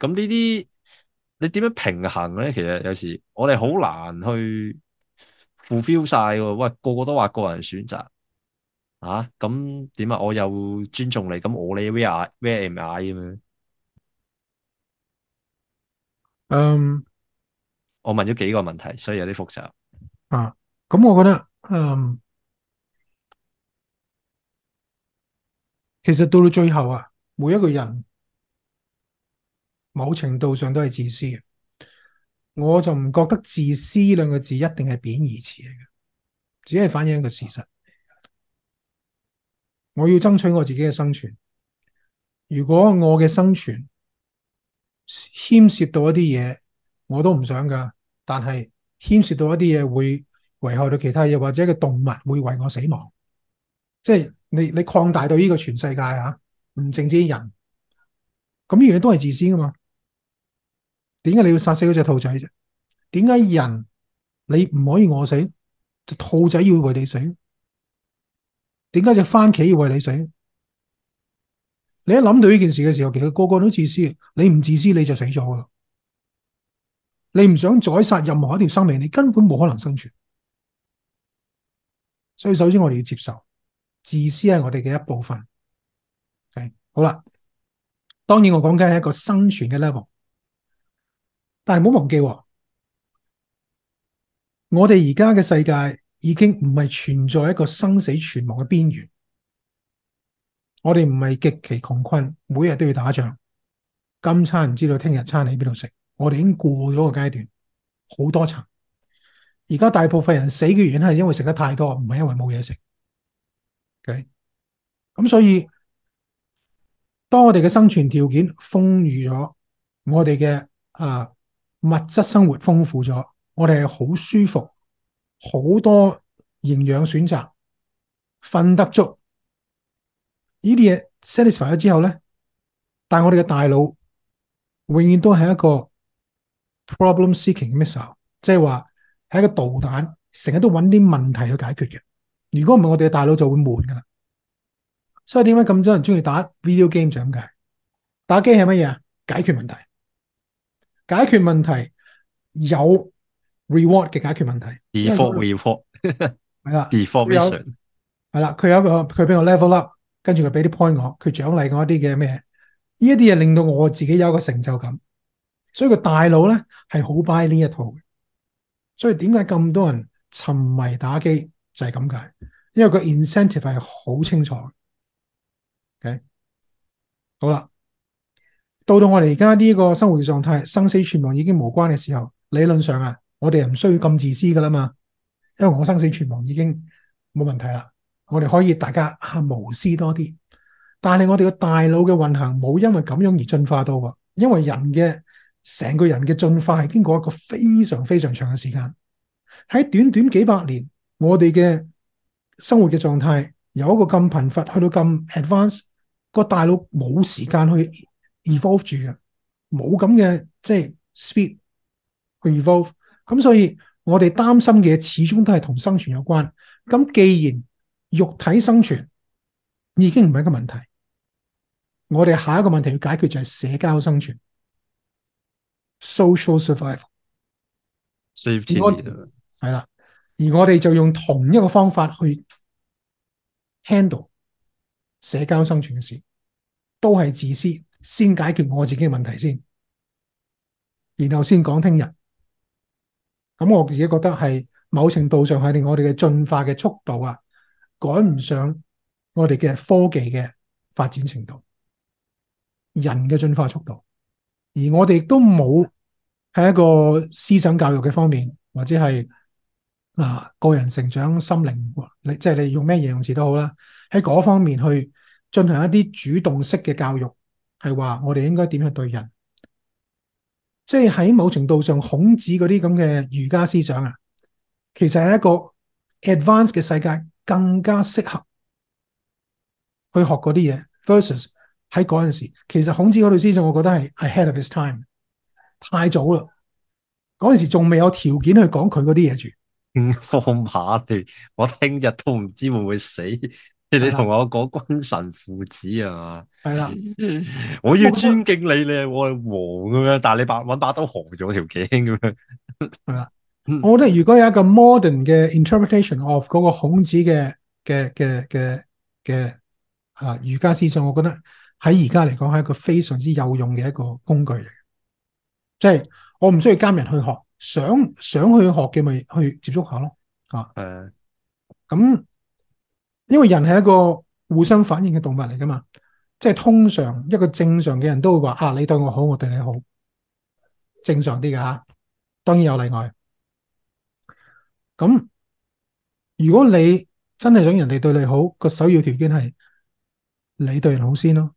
咁呢啲你點樣平衡咧？其實有時我哋好難去 fulfill 曬喎。喂，個個都話個人選擇。吓，咁點啊？我又尊重你，咁我咧 where where am I 咁樣？嗯，我問咗幾個問題，所以有啲複雜。啊，咁，嗯，我覺得，嗯，其實到到最後啊，每一個人某程度上都係自私嘅。我就唔覺得自私兩個字一定係貶義詞嚟嘅，只係反映一個事實。我要爭取我自己嘅生存。如果我嘅生存牽涉到一啲嘢，我都唔想噶。但係牽涉到一啲嘢會危害到其他嘢，或者個動物會為我死亡。即係你你擴大到呢個全世界啊，唔淨止人，咁樣嘢都係自私噶嘛？點解你要殺死嗰隻兔仔啫？點解人你唔可以餓死，隻兔仔要為你死？點解隻番茄要為你死？你一諗到呢件事嘅時候，其實個個都自私。你唔自私你就死咗噶啦！你唔想宰殺任何一條生命，你根本冇可能生存。所以首先我哋要接受自私係我哋嘅一部分。係、okay? 好啦，當然我講緊係一個生存嘅 level，但係唔好忘記我哋而家嘅世界。已經唔係存在一個生死存亡嘅邊緣，我哋唔係極其窮困，每日都要打仗，今餐唔知道聽日餐喺邊度食，我哋已經過咗個階段，好多層。而家大部分人死嘅原因係因為食得太多，唔係因為冇嘢食，okay? 咁所以，當我哋嘅生存條件豐裕咗，我哋嘅啊物質生活豐富咗，我哋係好舒服。好多營養選擇，瞓得足，呢啲嘢 satisfy 咗之後咧，但係我哋嘅大腦永遠都係一個 problem-seeking missile 即係話係一個導彈，成日都揾啲問題去解決嘅。如果唔係，我哋嘅大腦就會悶噶啦。所以點解咁多人中意打 video game 就咁解？打機係乜嘢啊？解決問題，解決問題有。reward 嘅解決問題 reward reward 係啦 reward 係啦，佢有一個佢俾我 level up，跟住佢俾啲 point 我點點，佢獎勵我一啲嘅咩？呢一啲嘢令到我自己有一個成就感，所以個大腦咧係好 buy 呢 bu 一套嘅。所以點解咁多人沉迷打機就係咁解？因為個 incentive 係好清楚嘅。OK，好啦，到到我哋而家呢個生活狀態，生死存亡已經無關嘅時候，理論上啊～我哋唔需要咁自私噶啦嘛，因為我生死存亡已經冇問題啦。我哋可以大家係無私多啲，但係我哋嘅大腦嘅運行冇因為咁樣而進化到，因為人嘅成個人嘅進化係經過一個非常非常長嘅時間。喺短短幾百年，我哋嘅生活嘅狀態由一個咁貧乏去到咁 advance 個大腦冇時間去 evolve 住嘅，冇咁嘅即係 speed 去 evolve。咁所以，我哋擔心嘅始終都係同生存有關。咁既然肉體生存已經唔係一個問題，我哋下一個問題要解決就係社交生存 （social survival） Safety.。Safety 係啦，而我哋就用同一個方法去 handle 社交生存嘅事，都係自私，先解決我自己嘅問題先，然後先講聽日。咁我自己覺得係某程度上係令我哋嘅進化嘅速度啊，趕唔上我哋嘅科技嘅發展程度，人嘅進化速度，而我哋都冇喺一個思想教育嘅方面，或者係啊個人成長心靈，即係、就是、你用咩形容詞都好啦，喺嗰方面去進行一啲主動式嘅教育，係話我哋應該點去對人。即係喺某程度上，孔子嗰啲咁嘅儒家思想啊，其實係一個 advance 嘅世界更加適合去學嗰啲嘢。versus 喺嗰陣時，其實孔子嗰啲思想，我覺得係 ahead of his time，太早啦。嗰陣時仲未有條件去講佢嗰啲嘢住。我馬地，我聽日都唔知會唔會死。即係你同我講君臣父子啊嘛，係啦的，我要尊敬你，你係我係王咁樣，但係你把搵把刀何咗條頸咁樣，係啦的。 [laughs] 我覺得如果有一個 modern 嘅 interpretation of 嗰個孔子嘅嘅嘅嘅嘅啊儒家思想，我覺得喺而家嚟講係一個非常之有用嘅一個工具嚟。即、就、係、是、我唔需要監人去學，想想去學嘅咪去接觸下咯。啊，誒的，咁。因為人係一個互相反應嘅動物嚟噶嘛，即係通常一個正常嘅人都會話啊，你對我好，我對你好，正常啲噶吓。當然有例外。咁如果你真係想人哋對你好，個首要條件係你對人好先咯、哦。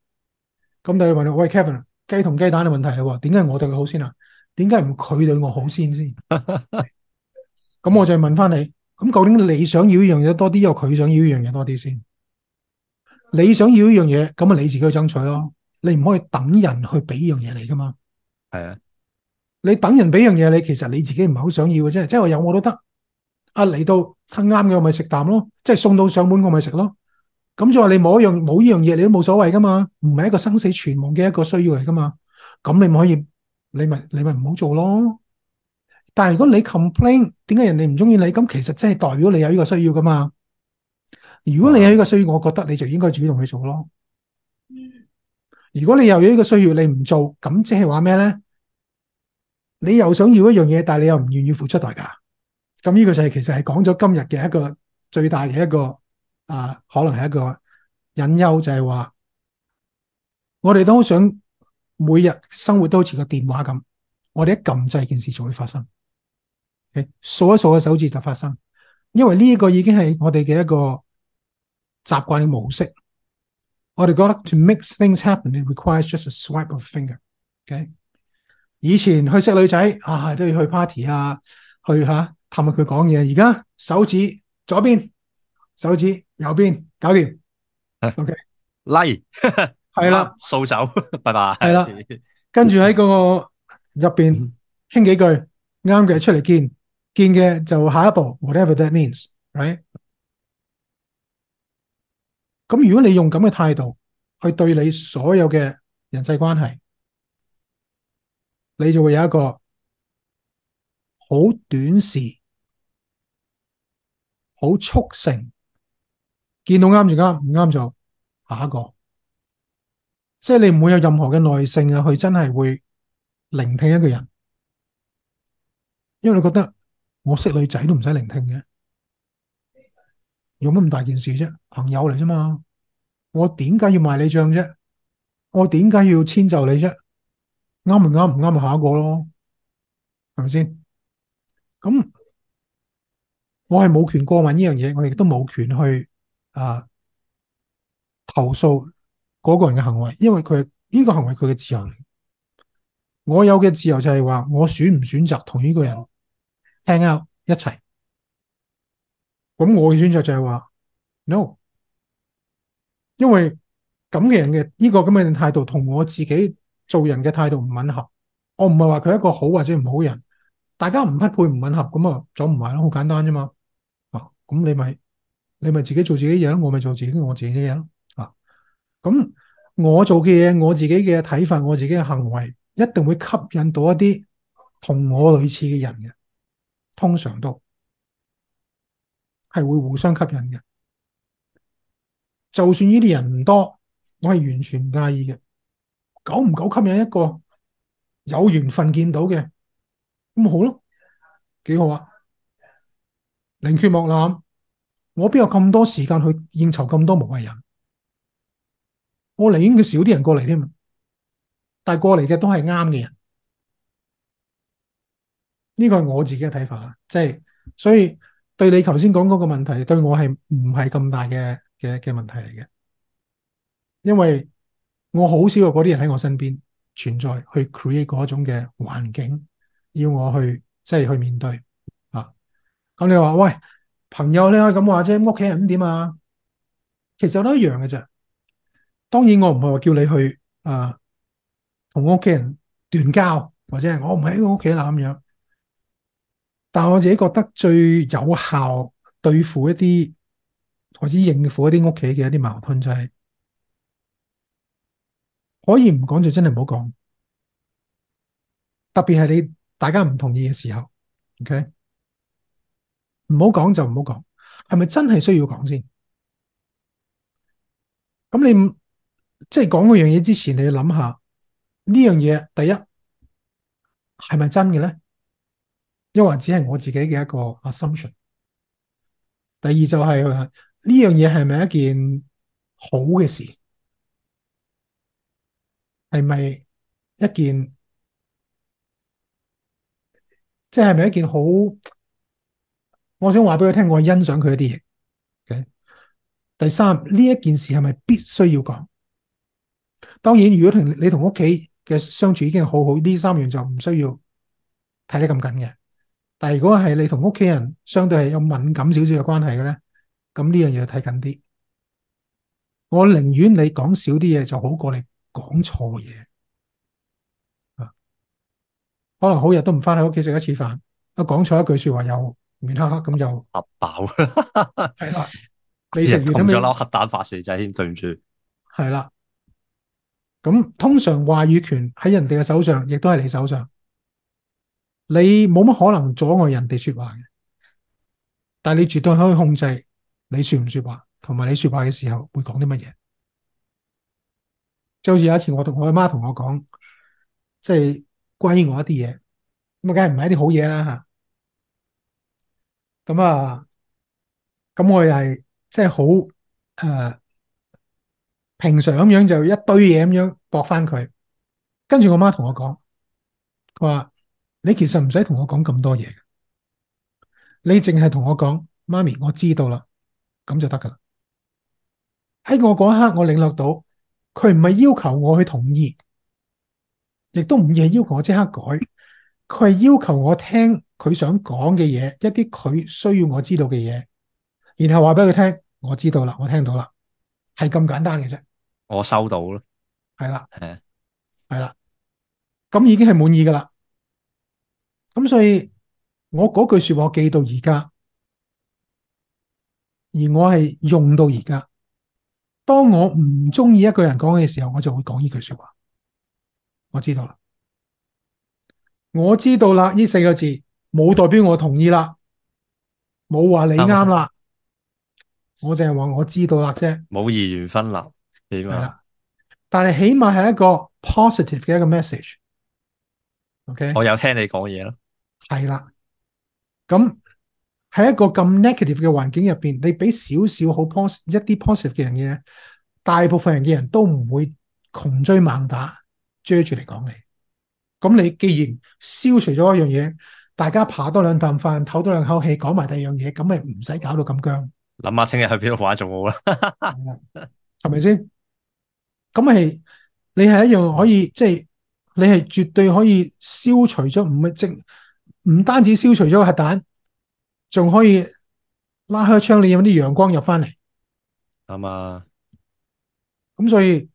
咁但係問你喂 Kevin，雞同雞蛋嘅問題啊，點解我對佢好先啊？點解唔佢對我好先先？咁我再問翻你。咁究竟你想要呢樣嘢多啲，又佢想要呢樣嘢多啲先？你想要呢樣嘢，咁啊你自己去爭取咯。你唔可以等人去俾樣嘢嚟噶嘛？係啊，你等人俾樣嘢，你其實你自己唔係好想要嘅啫。即係話有我都得。啊嚟到，啱嘅我咪食啖咯。即係送到上門我咪食咯。咁就話你冇一樣冇呢樣嘢，你都冇所謂噶嘛？唔係一個生死存亡嘅一個需要嚟噶嘛？咁你唔可以，你咪你咪唔好做咯。但係如果你 complain，點解人哋唔中意你？咁其實真係代表你有呢個需要噶嘛？如果你有呢個需要，我覺得你就應該主動去做咯。如果你又有呢個需要，你唔做，咁即係話咩咧？你又想要一樣嘢，但係你又唔願意付出代價。咁呢個就係其實係講咗今日嘅一個最大嘅一個啊，可能係一個隱憂，就係話我哋都好想每日生活都好似個電話咁，我哋一撳掣，件事就會發生。掃一掃嘅手指就發生，因為呢一個已經係我哋嘅一個習慣嘅模式。我哋覺得 to make things happen it requires just a swipe of finger，okay？以前去識女仔啊，都要去 party 啊，去吓探佢講嘢。而家手指左邊，手指右邊，搞掂。啊、OK，拉係啦，掃走，拜拜。係啦，跟住喺個入邊傾幾句啱嘅，嗯、出嚟見。見嘅就下一步，whatever that means，right？咁如果你用咁嘅態度去對你所有嘅人際關係，你就會有一個好短視、好速成。見到啱就啱，唔啱就下一個。即係你唔會有任何嘅耐性啊，去真係會聆聽一個人，因為你覺得。我識女仔都唔使聆聽嘅，有乜咁大件事啫？朋友嚟啫嘛，我點解要賣你賬啫？我點解要遷就你啫？啱唔啱，唔啱下一個咯，係咪先？咁我係冇權過問呢樣嘢，我亦都冇權去啊投訴嗰個人嘅行為，因為佢呢個行為佢嘅自由。我有嘅自由就係話我選唔選擇同呢個人。hang out 一齊咁，我嘅選擇就係話 no，因為咁嘅人嘅呢個咁嘅態度同我自己做人嘅態度唔吻合。我唔係話佢一個好或者唔好人，大家唔匹配唔吻合咁啊，就唔埋咯，好簡單啫嘛。啊，咁你咪你咪自己做自己嘢咯，我咪做自己我自己嘅嘢咯。啊，咁我做嘅嘢，我自己嘅睇法，我自己嘅行為，一定會吸引到一啲同我類似嘅人嘅。通常都係會互相吸引嘅，就算呢啲人唔多，我係完全唔介意嘅。久唔久吸引一個有緣分見到嘅，咁好咯，幾好啊！寧缺莫濫，我邊有咁多時間去應酬咁多無謂人？我寧願佢少啲人過嚟添，但係過嚟嘅都係啱嘅人。呢個係我自己嘅睇法，即係所以對你頭先講嗰個問題，對我係唔係咁大嘅嘅嘅問題嚟嘅，因為我好少有嗰啲人喺我身邊存在去 create 嗰種嘅環境，要我去即係去面對啊。咁你話，喂，朋友，你可以咁話啫，屋企人點啊？其實都一樣嘅啫。當然我唔係話叫你去啊，同屋企人斷交，或者係我唔喺屋企啦咁樣。但係我自己覺得最有效對付一啲或者應付一啲屋企嘅一啲矛盾，就是，就係可以唔講就真係唔好講。特別係你大家唔同意嘅時候，OK，唔好講就唔好講。係咪真係需要講先？咁你即係講嗰樣嘢之前，你要諗下呢樣嘢，第一係咪真嘅咧？因為只係我自己嘅一個 assumption。第二就係呢樣嘢係咪一件好嘅事？係咪一件即係咪一件好？我想話俾佢聽，我欣賞佢一啲嘢。Okay? 第三，呢一件事係咪必須要講？當然，如果同你同屋企嘅相處已經好好，呢三樣就唔需要睇得咁緊嘅。但係如果係你同屋企人相對係有敏感少少嘅關係嘅咧，咁呢樣嘢睇緊啲。我寧願你講少啲嘢，就好過你講錯嘢。啊，可能好日都唔返喺屋企食一次飯，都講錯一句說話又面黑黑咁又核爆。係啦，你食完咁樣，同咗粒核彈發射仔添，對唔住。係啦，咁通常話語權喺人哋嘅手上，亦都係你手上。你冇乜可能阻礙人哋說話嘅，但係你絕對可以控制你說唔說話，同埋你說話嘅時候會講啲乜嘢。就好似有一次我我我，我同我阿媽同我講，即係關於我一啲嘢，咁啊，梗係唔係一啲好嘢啦吓。咁啊，咁我又係即係好誒，平常咁樣就一堆嘢咁樣駁翻佢，跟住我阿媽同我講，佢話。你其實唔使同我講咁多嘢嘅，你淨係同我講，媽咪我知道啦，咁就得噶啦。喺我嗰一刻，我領略到佢唔係要求我去同意，亦都唔係要求我即刻改，佢係要求我聽佢想講嘅嘢，一啲佢需要我知道嘅嘢，然後話俾佢聽，我知道啦，我聽到啦，係咁簡單嘅啫。我收到咯，係啦了，係啦， [laughs] 咁已經係滿意噶啦。咁所以我嗰句說話記到而家，而我係用到而家。當我唔中意一個人講嘅時候，我就會講呢句說話。我知道啦，我知道啦。呢四個字冇代表我同意啦，冇話你啱啦。Okay. 我淨係話我知道啦啫。冇二元分立，起碼，但係起碼係一個 positive 嘅一個 message。OK，我有聽你講嘢啦。係啦，咁喺一個咁 negative 嘅環境入邊，你俾少少好 positive 一啲 positive 嘅人嘅，大部分人嘅人都唔會窮追猛打，追住嚟講你。咁你既然消除咗一樣嘢，大家扒多兩啖飯，唞多兩口氣，講埋第二樣嘢，咁咪唔使搞到咁僵。諗下聽日去邊度玩仲好啦，係咪先？咁係你係一樣可以，即係你係絕對可以消除咗唔嘅正。唔單止消除咗核彈，仲可以拉開窗簾，你有啲陽光入翻嚟。啱啊！咁所以，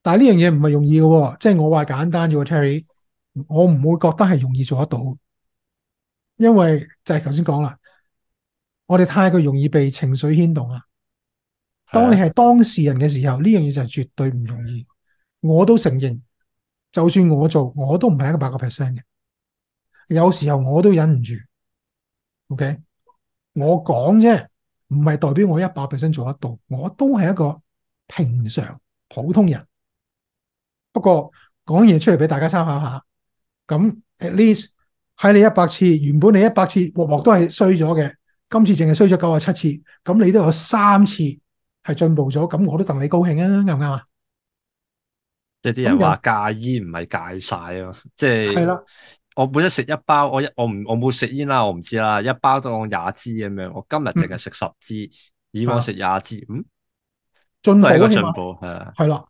但係呢樣嘢唔係容易嘅喎，即係我話簡單啫，Terry，我唔會覺得係容易做得到，因為就係頭先講啦，我哋太過容易被情緒牽動啦。當你係當事人嘅時候，呢樣嘢就係絕對唔容易。我都承認，就算我做，我都唔係一個百個 percent 嘅。有時候我都忍唔住，OK，我講啫，唔係代表我一百 percent 做得到，我都係一個平常普通人。不過講嘢出嚟俾大家參考下，咁 at least 喺你一百次，原本你一百次鑊鑊都係衰咗嘅，今次淨係衰咗九十七次，咁你都有三次係進步咗，咁我都戥你高興啊，啱唔啱啊？即啲人話戒煙唔係戒晒咯，即係，咁。係啦。我本身食一包，我一我唔我冇食煙啦，我唔知啦，一包當廿支咁樣，我今日淨係食十支，嗯、以往食廿支，嗯，進步進、啊、步係係啦，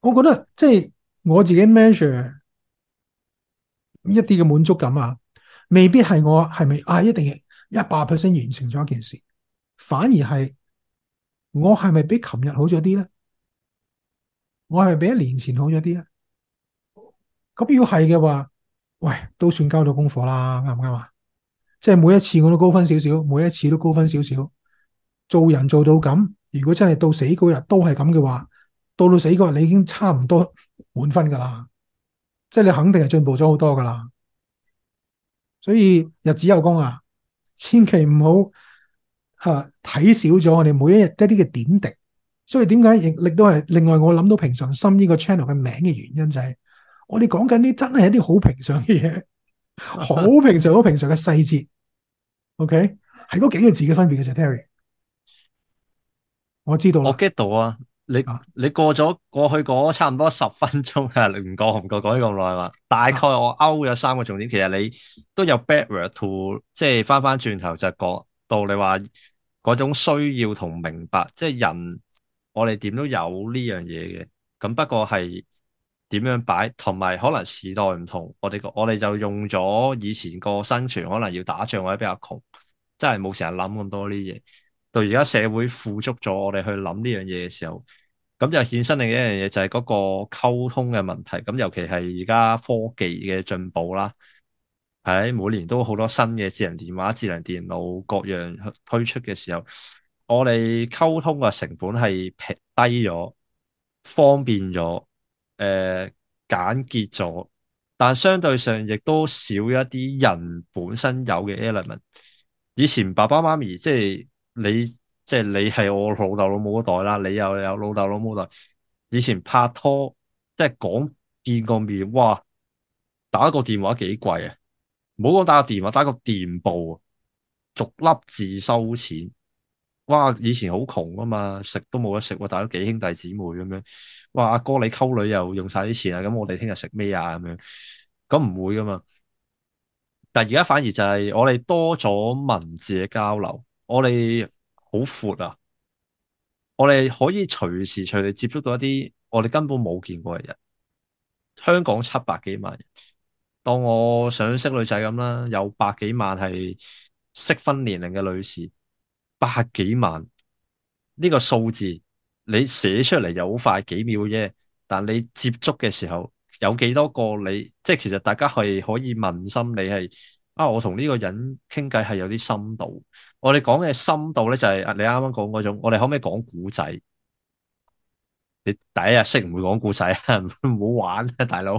我覺得即係我自己 measure 一啲嘅滿足感啊，未必係我係咪啊一定要一百 percent 完成咗一件事，反而係我係咪比琴日好咗啲咧？我係咪比，比一年前好咗啲咧？咁要係嘅話。喂，都算交到功課啦，啱唔啱啊？即係每一次我都高分少少，每一次都高分少少。做人做到咁，如果真係到死嗰日都係咁嘅話，到到死嗰日你已經差唔多滿分噶啦，即係你肯定係進步咗好多噶啦。所以日子有功啊，千祈唔好吓睇少咗我哋每一日一啲嘅點滴。所以點解亦都都係另外我諗到平常心呢個 channel 嘅名嘅原因就係、是。我哋講緊啲真係一啲好平常嘅嘢，好平常、好平常嘅細節。 [laughs] OK，係嗰幾個字嘅分別嘅 s Terry。我知道，我 get 到啊！你你過咗過去嗰差唔多十分鐘啊，你唔講唔講講咁耐嘛？大概我勾咗三個重點。其實你都有 b a c e r to，即係翻翻轉頭就講到你話嗰種需要同明白，即係人我哋點都有呢樣嘢嘅。咁不過係。點樣擺，同埋可能時代唔同，我哋我哋就用咗以前個生存，可能要打仗或者比較窮，真係冇成日諗咁多啲嘢。到而家社會富足咗，我哋去諗呢樣嘢嘅時候，咁就衍生另一樣嘢，就係嗰個溝通嘅問題。咁尤其係而家科技嘅進步啦，喺、哎、每年都好多新嘅智能電話、智能電腦各樣推出嘅時候，我哋溝通嘅成本係平低咗，方便咗。誒、呃，簡潔咗，但相對上亦都少一啲人本身有嘅 element。以前爸爸媽咪，即係你，即係你係我老豆老母嗰代啦，你又有老豆老母代。以前拍拖即係講見個面，哇，打個電話幾貴啊！唔好講打個電話，打個電報，逐粒字收錢。哇！以前好窮啊嘛，食都冇得食，大家都幾兄弟姊妹咁樣。哇！阿哥你溝女又用晒啲錢啊，咁我哋聽日食咩啊咁樣？咁唔會噶嘛？但係而家反而就係我哋多咗文字嘅交流，我哋好闊啊！我哋可以隨時隨地接觸到一啲我哋根本冇見過嘅人。香港七百幾萬人，當我想識女仔咁啦，有百幾萬係適婚年齡嘅女士。百幾萬呢個數字，你寫出嚟，又好快幾秒啫。但你接觸嘅時候，有幾多個你？即係其實大家係可以問心，你係啊。我同呢個人傾偈係有啲深度。我哋講嘅深度咧、就是，就係你啱啱講嗰種。我哋可唔可以講古仔？你第一日識唔會講古仔啊？唔 [laughs] 好玩啊，大佬！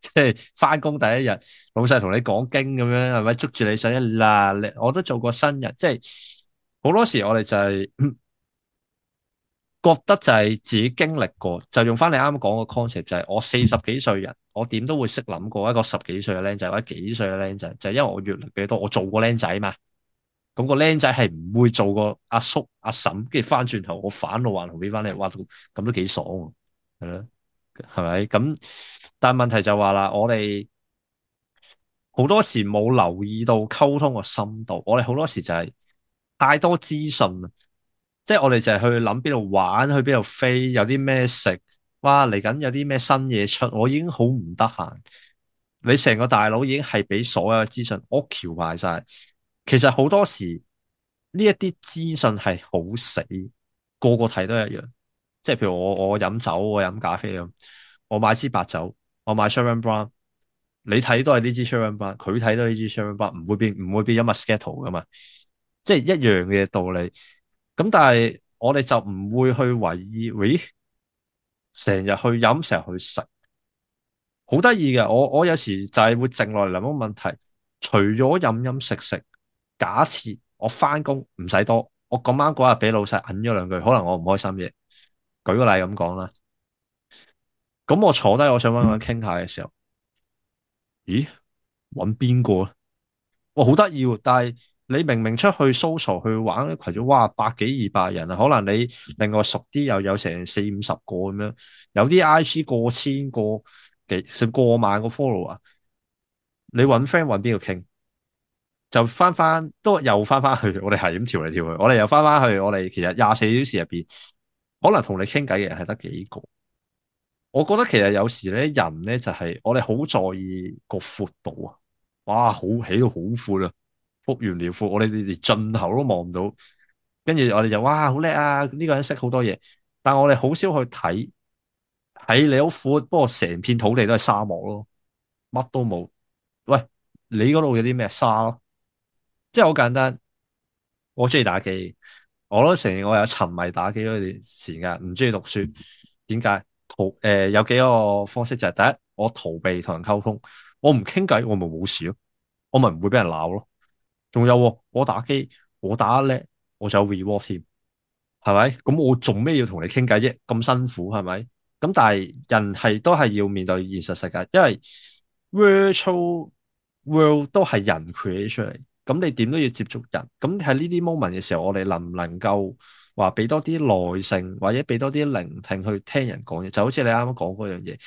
即係翻工第一日，老細同你講經咁樣，係咪捉住你手一拉？你我都做過新人，即係。好多時我哋就係覺得就係自己經歷過，就用翻你啱啱講個 concept，就係我四十幾歲人，我點都會識諗過一個十幾歲嘅僆仔或者幾歲嘅僆仔，就是、因為我閱歷幾多，我做過僆仔嘛。咁、個僆仔係唔會做過阿叔阿嬸，跟住翻轉頭我返老還童俾翻你，哇咁都幾爽，係咯，係咪？咁但係問題就話啦，我哋好多時冇留意到溝通個深度，我哋好多時就係、是。太多資訊啦，即係我哋淨係去諗邊度玩，去邊度飛，有啲咩食，哇嚟緊有啲咩新嘢出，我已經好唔得閒。你成個大佬已經係俾所有資訊屋橋壞晒。其實好多時呢一啲資訊係好死，個個睇都一樣。即係譬如我我飲酒，我飲咖啡咁，我買支白酒，我買 Sauvignon Blanc，你睇都係呢支 Sauvignon Blanc，佢睇都係呢支 Sauvignon Blanc，唔會變唔會變咗嘛 Moscato 噶嘛。即係一樣嘅道理，咁但係我哋就唔會去懷疑，成、欸、日去飲成日去食，好得意嘅。我我有時就係會靜落嚟諗個問題，除咗飲飲食食，假設我翻工唔使多，我嗰晚嗰日俾老細揞咗兩句，可能我唔開心嘅。舉個例咁講啦，咁我坐低我想揾佢傾下嘅時候，咦揾邊個啊？哇，好得意，但係。你明明出去 search 去玩咧，群咗哇百幾二百人啊，可能你另外熟啲又有成四五十個咁樣，有啲 I G 過千個幾，甚至過萬個 follow 啊！你搵 friend 搵邊度傾？就翻翻都又翻翻去，我哋係咁跳嚟跳去，我哋又翻翻去，我哋其實廿四小時入邊，可能同你傾偈嘅人係得幾個。我覺得其實有時咧、就是，人咧就係我哋好在意個闊度啊，哇，好起到好闊啊！幅員遼闊，我哋連盡頭都望唔到。跟住我哋就哇，好叻啊！呢、這個人識好多嘢，但係我哋好少去睇。喺你好闊，不過成片土地都係沙漠咯，乜都冇。喂，你嗰度有啲咩沙咯？即係好簡單。我中意打機，我都承認我有沉迷打機嗰段時間，唔中意讀書。點解？逃誒、呃，有幾個方式就係、是、第一，我逃避同人溝通，我唔傾偈，我咪冇事咯，我咪唔會俾人鬧咯。仲有我打機，我打叻，我就 reward 添，係咪？咁我做咩要同你傾偈啫？咁辛苦，係咪？咁但係人係都係要面對現實世界，因為 virtual world 都係人 create 出嚟，咁你點都要接觸人。咁喺呢啲 moment 嘅時候，我哋能唔能夠話俾多啲耐性，或者俾多啲聆聽去聽人講嘢？就好似你啱啱講嗰樣嘢，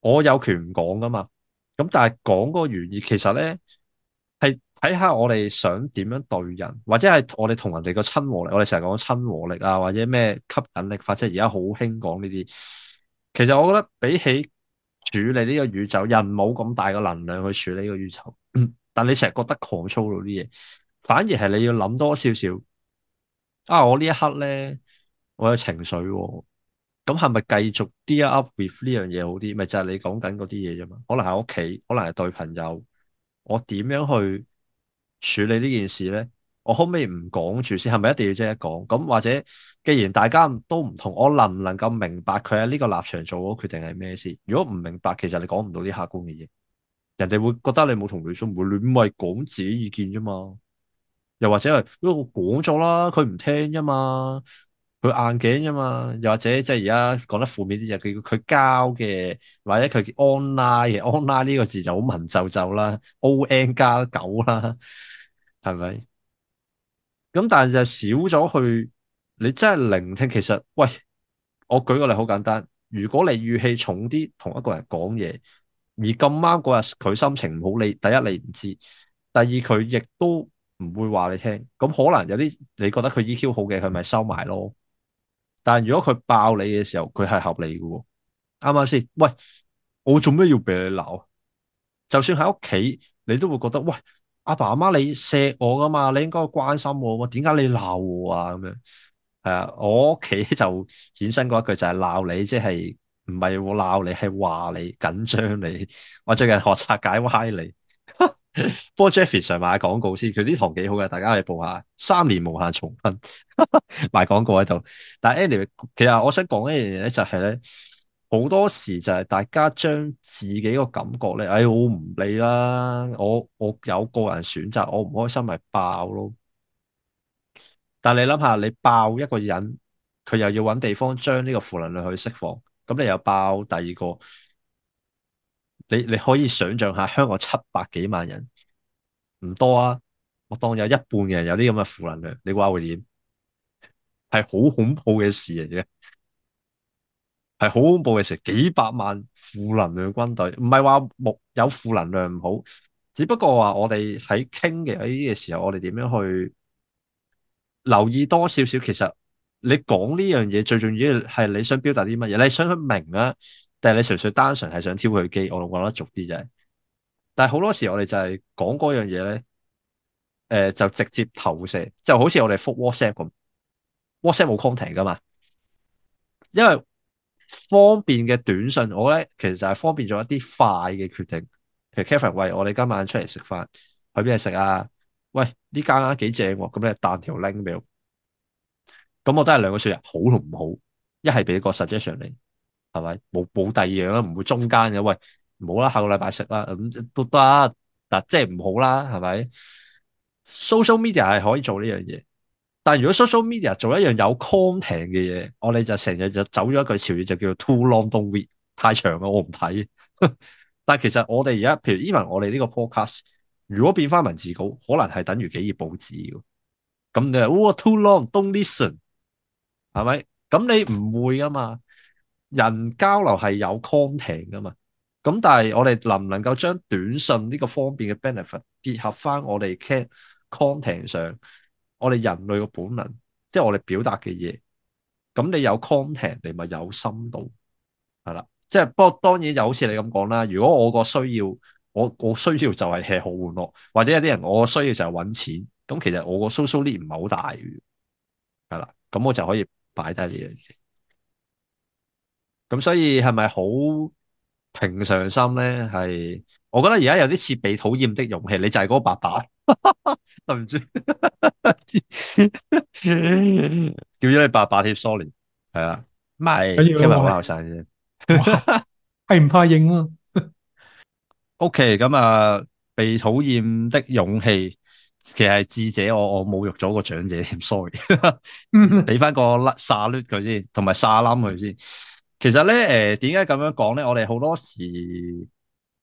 我有權唔講噶嘛？咁但係講嗰個原意，其實咧。睇下我哋想點樣對人，或者係我哋同人哋個親和力，我哋成日講親和力啊，或者咩吸引力法則，即係，而家好興講呢啲。其實我覺得比起處理呢個宇宙，人冇咁大個能量去處理呢個宇宙。 [laughs] 但你成日覺得 control 啲嘢，反而係你要諗多少少。啊，我呢一刻咧，我有情緒哦，咁係咪繼續 deal up with 呢樣嘢好啲？咪就係你講緊嗰啲嘢啫嘛。可能喺屋企，可能係對朋友，我點樣去？處理呢件事咧，我可唔可以唔講住先？係咪一定要即刻講？咁或者既然大家都唔同，我能唔能夠明白佢喺呢個立場做嗰個決定係咩事？如果唔明白，其實你講唔到啲客觀嘅嘢，人哋會覺得你冇同理心，會亂為講自己意見啫嘛，嘛。又或者係如果我講咗啦，佢唔聽啫嘛，佢硬頸啫嘛。又或者即係而家講得負面啲嘢，佢佢交嘅，或者佢叫「online 嘅 online 呢個字就好文縐縐啦，O N 加九啦。On 係咪？咁但係就少咗去，你真係聆聽。其實喂，我舉個例好簡單。如果你語氣重啲同一個人講嘢，而咁啱嗰日佢心情唔好，你第一你唔知，第二佢亦都唔會話你聽。咁可能有啲你覺得佢 EQ 好嘅，佢咪收埋咯。但係如果佢爆你嘅時候，佢係合理嘅喎，啱唔啱先？喂，我做咩要俾你鬧？就算喺屋企，你都會覺得喂。阿爸阿媽，你錫我噶嘛？你應該關心我，點解你鬧我啊？咁樣係啊？我屋企就衍生過一句就係鬧你，即係唔係我鬧你，係話你緊張你。我最近學拆解歪你。不過 Jeffrey 賣廣告先，佢啲堂幾好嘅，大家可以報下。三年無限重婚，賣廣告喺度。但係 anyway 其實我想講一樣嘢咧，就係咧。好多時就係大家將自己個感覺咧，哎，我唔理啦，我我有個人選擇，我唔開心咪爆咯。但你諗下，你爆一個人，佢又要揾地方將呢個負能量去釋放，咁你又爆第二個，你你可以想像下香港七百幾萬人，唔多啊，我當有一半嘅人有啲咁嘅負能量，你話會點？係好恐怖嘅事嚟嘅。係好恐怖嘅事，幾百萬負能量軍隊，唔係話冇有負能量唔好，只不過話我哋喺傾嘅喺嘅時候，我哋點樣去留意多少少？其實你講呢樣嘢最重要係你想表達啲乜嘢？你想佢明啊？定係你純粹單純係想挑佢機，我哋覺得俗啲啫。但係好多時我哋就係講嗰樣嘢咧，誒、呃、就直接投射，就好似我哋覆 WhatsApp 咁，WhatsApp 冇 content 噶嘛，因為。方便嘅短信，我咧其實就係方便咗一啲快嘅決定。譬如 Kevin，喂，我哋今晚出嚟食飯，去邊度食啊？喂，呢間幾正，啊，咁、嗯、你彈條 link 俾我。咁我都係兩個選擇，好同唔好，一係俾個 suggestion 你，係咪？冇冇第二樣啦，唔會中間嘅。喂，唔好，嗯、好啦，下個禮拜食啦，咁都得。嗱，即係唔好啦，係咪？Social media 係可以做呢樣嘢。但係如果 social media 做一樣有 content 嘅嘢，我哋就成日就走咗一句潮語，就叫做 too long don't read，太長啊，我唔睇。 [laughs] 但係其實我哋而家，譬如 even 我哋呢個 podcast，如果變翻文字稿，可能係等於幾頁報紙㗎。咁你話，oh, too long don't listen 係咪？咁你唔會啊嘛？人交流係有 content 㗎嘛？咁但係我哋能唔能夠將短信呢個方便嘅 benefit 結合翻我哋嘅 content 上？我哋人類嘅本能，即係我哋表達嘅嘢，咁你有 content 你咪有深度，係啦。即係不過當然有好似你咁講啦。如果我個需要，我我需要就係吃好玩樂，或者有啲人我需要就係揾錢，咁其實我個 social need 唔係好大嘅。係啦，咁我就可以擺低呢樣嘢。咁所以係咪好平常心咧？係。我覺得而家有啲似被討厭的勇氣，你就係嗰個爸爸， [laughs] 對唔不住起， [laughs] 叫咗你爸爸，添。sorry，係啊，唔係今日玩下先，係唔怕應咯。OK，咁啊，被討厭的勇氣，其實係智者，我我侮辱咗個長者，sorry，添。俾翻 [laughs] my. [laughs] 個甩沙律佢先，同埋沙冧佢先。其實咧，誒、呃，點解咁樣講咧？我哋好多時。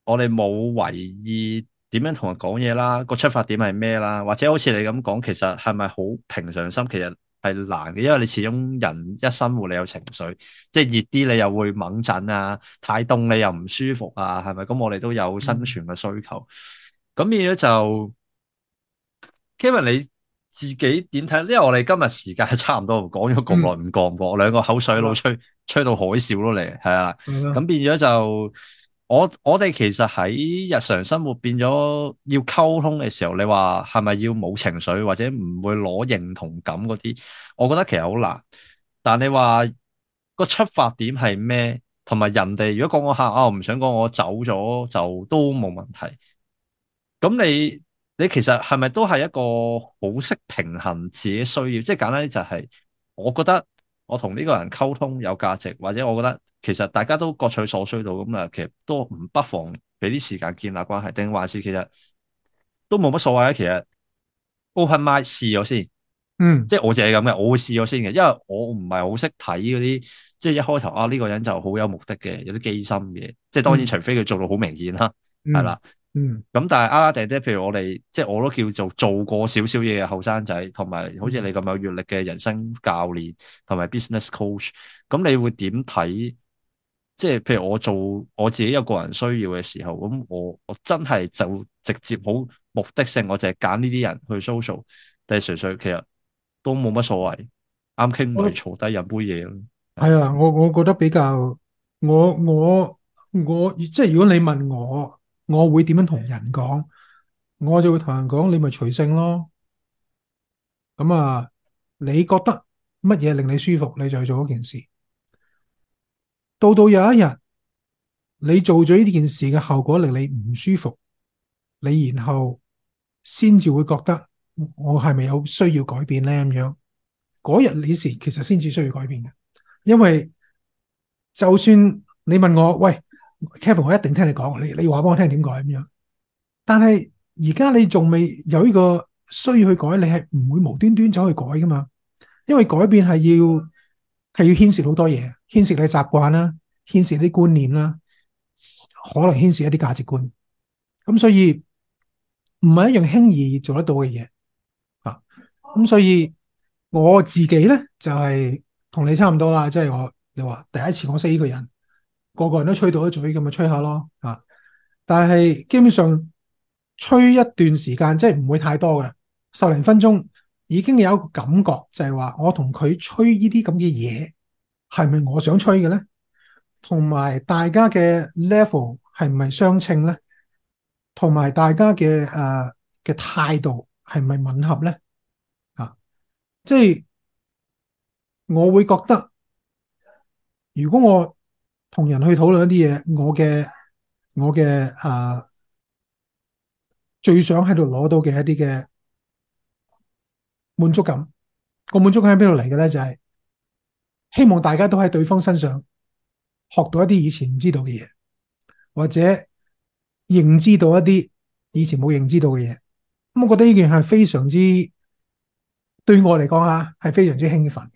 我哋冇為意點樣同人講嘢啦，個出發點係咩啦？或者好似你咁講，其實係咪好平常心？其實係難嘅，因為你始終人一生活你有情緒，即係熱啲你又會猛震啊，太凍你又唔舒服啊，係咪咁？我哋都有生存嘅需求。咁、嗯、變咗就 Kevin，你自己點睇？因為我哋今日時間差唔多，講咗咁耐不過不過，我兩個口水佬吹吹到海嘯咯，嚟，係啊、嗯？咁變咗就。我我哋其實喺日常生活變咗要溝通嘅時候，你話係咪要冇情緒或者唔會攞認同感嗰啲？我覺得其實好難。但你話個出發點係咩？同埋人哋如果講我吓，啊、哦、唔想講我走咗就都冇問題。咁你你其實係咪都係一個好識平衡自己需要？即係簡單啲就係，我覺得。我同呢個人溝通有價值，或者我覺得其實大家都各取所需到咁啊，其實都唔不妨俾啲時間建立關係，定還是其實都冇乜所謂啊。其實 open mind 試咗先，嗯，即係我自係咁嘅，我會試咗先嘅，因為我唔係好識睇嗰啲，即係一開頭啊呢個人就好有目的嘅，有啲機心嘅，即係當然除非佢做到好明顯啦，係啦、嗯。嗯，咁但係阿阿爹爹，譬如我哋，即係我都叫做做過少少嘢嘅後生仔，同埋好似你咁有閱歷嘅人生教練同埋 business coach，咁你會點睇？即係譬如我做我自己有個人需要嘅時候，咁我我真係就直接好目的性，我就係揀呢啲人去 social，定係隨隨，其實都冇乜所謂，啱傾耐坐低飲杯嘢咯。係啊，我我覺得比較，我我我，我即係如果你問我。我會點樣同人講？我就會同人講，你咪隨性咯。咁啊，你覺得乜嘢令你舒服，你就去做嗰件事。到到有一日，你做咗呢件事嘅後果令你唔舒服，你然後先至會覺得我係咪有需要改變呢？咁樣嗰日你時，其實先至需要改變嘅。因為就算你問我喂，Kevin，我一定聽你講，你你話俾我聽點改點樣。但係而家你仲未有呢個需要去改，你係唔會無端端走去改噶嘛？因為改變係要係要牽涉好多嘢，牽涉你習慣啦，牽涉啲觀念啦，可能牽涉一啲價值觀。咁所以唔係一樣輕易做得到嘅嘢啊。咁所以我自己咧就係、是、同你差唔多啦，即、就、係、是、我你話第一次我識呢個人。個個人都吹到咗嘴咁啊，吹下咯嚇！但係基本上吹一段時間，即係唔會太多嘅十零分鐘，已經有一個感覺，就係話我同佢吹呢啲咁嘅嘢，係咪我想吹嘅咧？同埋大家嘅 level 係唔係相稱咧？同埋大家嘅誒嘅態度係唔係吻合咧？啊，即係我會覺得，如果我同人去討論一啲嘢，我嘅我嘅啊，最想喺度攞到嘅一啲嘅滿足感，個滿足感喺邊度嚟嘅咧？就係希望大家都喺對方身上學到一啲以前唔知道嘅嘢，或者認知到一啲以前冇認知到嘅嘢。咁、嗯、我覺得呢件係非常之對我嚟講啊，係非常之興奮。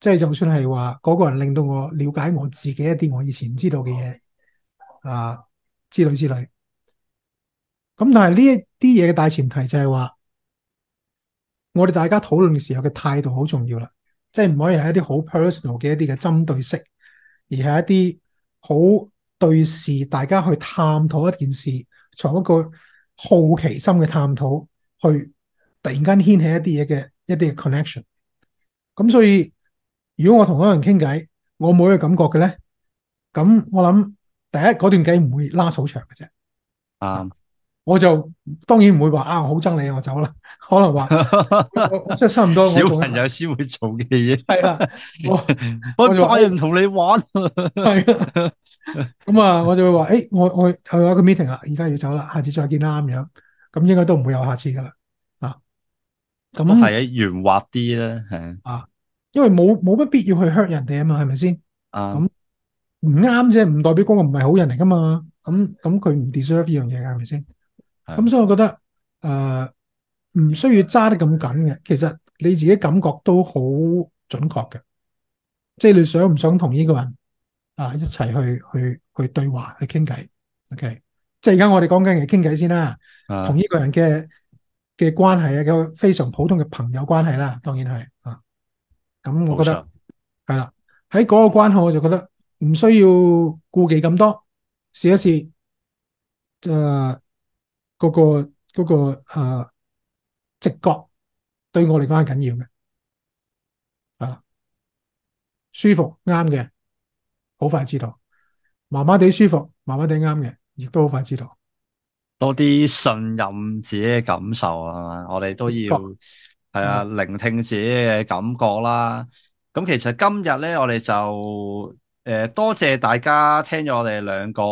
即係就算係話嗰個人令到我了解我自己一啲我以前唔知道嘅嘢啊之類之類，咁但係呢一啲嘢嘅大前提就係話，我哋大家討論嘅時候嘅態度好重要啦，即係唔可以係一啲好 personal 嘅一啲嘅針對性，而係一啲好對事，大家去探討一件事，從一個好奇心嘅探討去突然間掀起一啲嘢嘅一啲嘅 connection，咁所以。如果我同嗰個人傾偈，我冇呢個感覺嘅咧，咁我諗第一嗰段偈唔會拉手長嘅啫。啱、嗯啊，我就當然唔會話啊，我好憎你，我走啦。可能話即係差唔多小朋友先會做嘅嘢。係 [laughs] 啦，我我就唔同你玩。係啊，咁啊，我就會話誒，我我我有一個 meeting 啦，而家要走啦，下次再見啦咁樣。咁應該都唔會有下次噶啦。啊，咁係啊，圓滑啲啦，係啊。啊。因為冇冇乜必要去 hurt 人哋啊嘛，係咪先？啊、嗯，咁唔啱啫，唔代表嗰個唔係好人嚟噶嘛。咁咁佢唔 deserve 呢樣嘢噶，係咪先？咁是的、嗯、所以我覺得誒、唔、呃、需要揸得咁緊嘅。其實你自己感覺都好準確嘅，即係你想唔想同呢個人啊一齊去去去，去對話去傾偈？OK，即係而家我哋講緊嘅傾偈先啦。同呢個人嘅嘅關係啊，一個非常普通嘅朋友關係啦，當然係。咁我覺得係啦，喺嗰持個關口我就覺得唔需要顧忌咁多，試一試，即係嗰個、嗰個誒、呃、直覺對我嚟講係緊要嘅，係啦，舒服啱嘅，好快知道，麻麻地舒服，麻麻地啱嘅，亦都好快知道。多啲信任自己嘅感受啊！我哋都要。係啊，聆聽自己嘅感覺啦。咁其實今日咧，我哋就誒、呃、多謝大家聽咗我哋兩個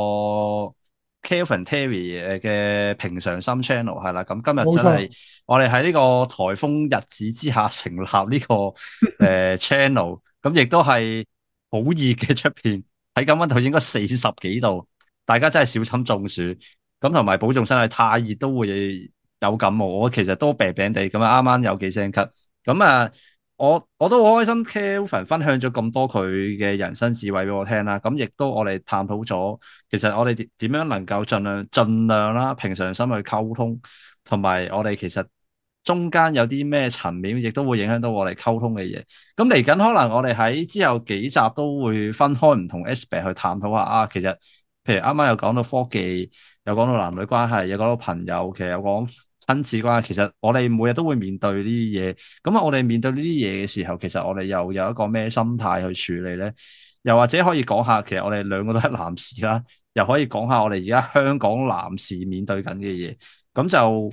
Kevin、Terry 誒嘅平常心 channel 係啦。咁、啊、今日真係我哋喺呢個台風日子之下成立呢、這個誒、呃、channel，咁亦都係好熱嘅出邊，喺咁温度應該四十幾度，大家真係小心中暑。咁同埋保重身體，太熱都會。有感冒，我其實都病病地咁啊！啱啱有幾聲咳，咁、嗯、啊，我我都好開心。Kevin 分享咗咁多佢嘅人生智慧俾我聽啦，咁、嗯、亦都我哋探討咗，其實我哋點樣能夠儘量儘量啦，平常心去溝通，同埋我哋其實中間有啲咩層面，亦都會影響到我哋溝通嘅嘢。咁嚟緊可能我哋喺之後幾集都會分開唔同 aspect 去探討下啊。其實，譬如啱啱又講到科技，又講到男女關係，有講到朋友，其實有講。親子關係，其實我哋每日都會面對呢啲嘢，咁啊，我哋面對呢啲嘢嘅時候，其實我哋又有一個咩心態去處理咧？又或者可以講下，其實我哋兩個都係男士啦，又可以講下我哋而家香港男士面對緊嘅嘢，咁就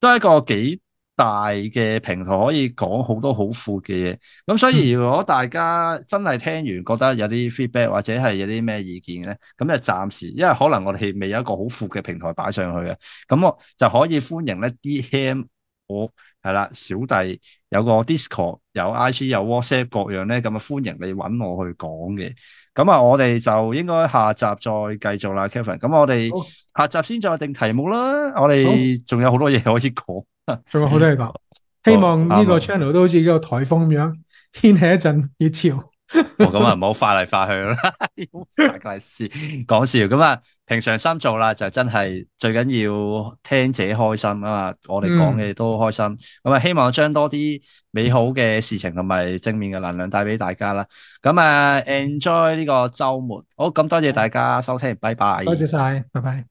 都係一個幾大嘅平台可以講好多好闊嘅嘢，咁所以如果大家真係聽完覺得有啲 feedback 或者係有啲咩意見咧，咁就暫時，因為可能我哋未有一個好闊嘅平台擺上去嘅，咁我就可以歡迎咧，DM 我係啦，小弟有個 Discord、有 IG、有 WhatsApp 各樣咧，咁啊歡迎你揾我去講嘅，咁啊我哋就應該下集再繼續啦，Kevin。咁我哋下集先再定題目啦，我哋仲有好多嘢可以講。仲有好多嘢講，希望呢個 channel 都好似呢個颱風咁樣 [music] 掀起一陣熱潮。咁 [laughs] 啊，唔好快嚟快去啦，大家講笑。咁啊，平常心做啦，就真係最緊要聽者開心啊嘛。我哋講嘅都開心。咁、嗯、啊，希望將多啲美好嘅事情同埋正面嘅能量帶俾大家啦。咁啊，enjoy 呢個周末。好，咁多謝大家收聽，拜拜。多謝晒，拜拜。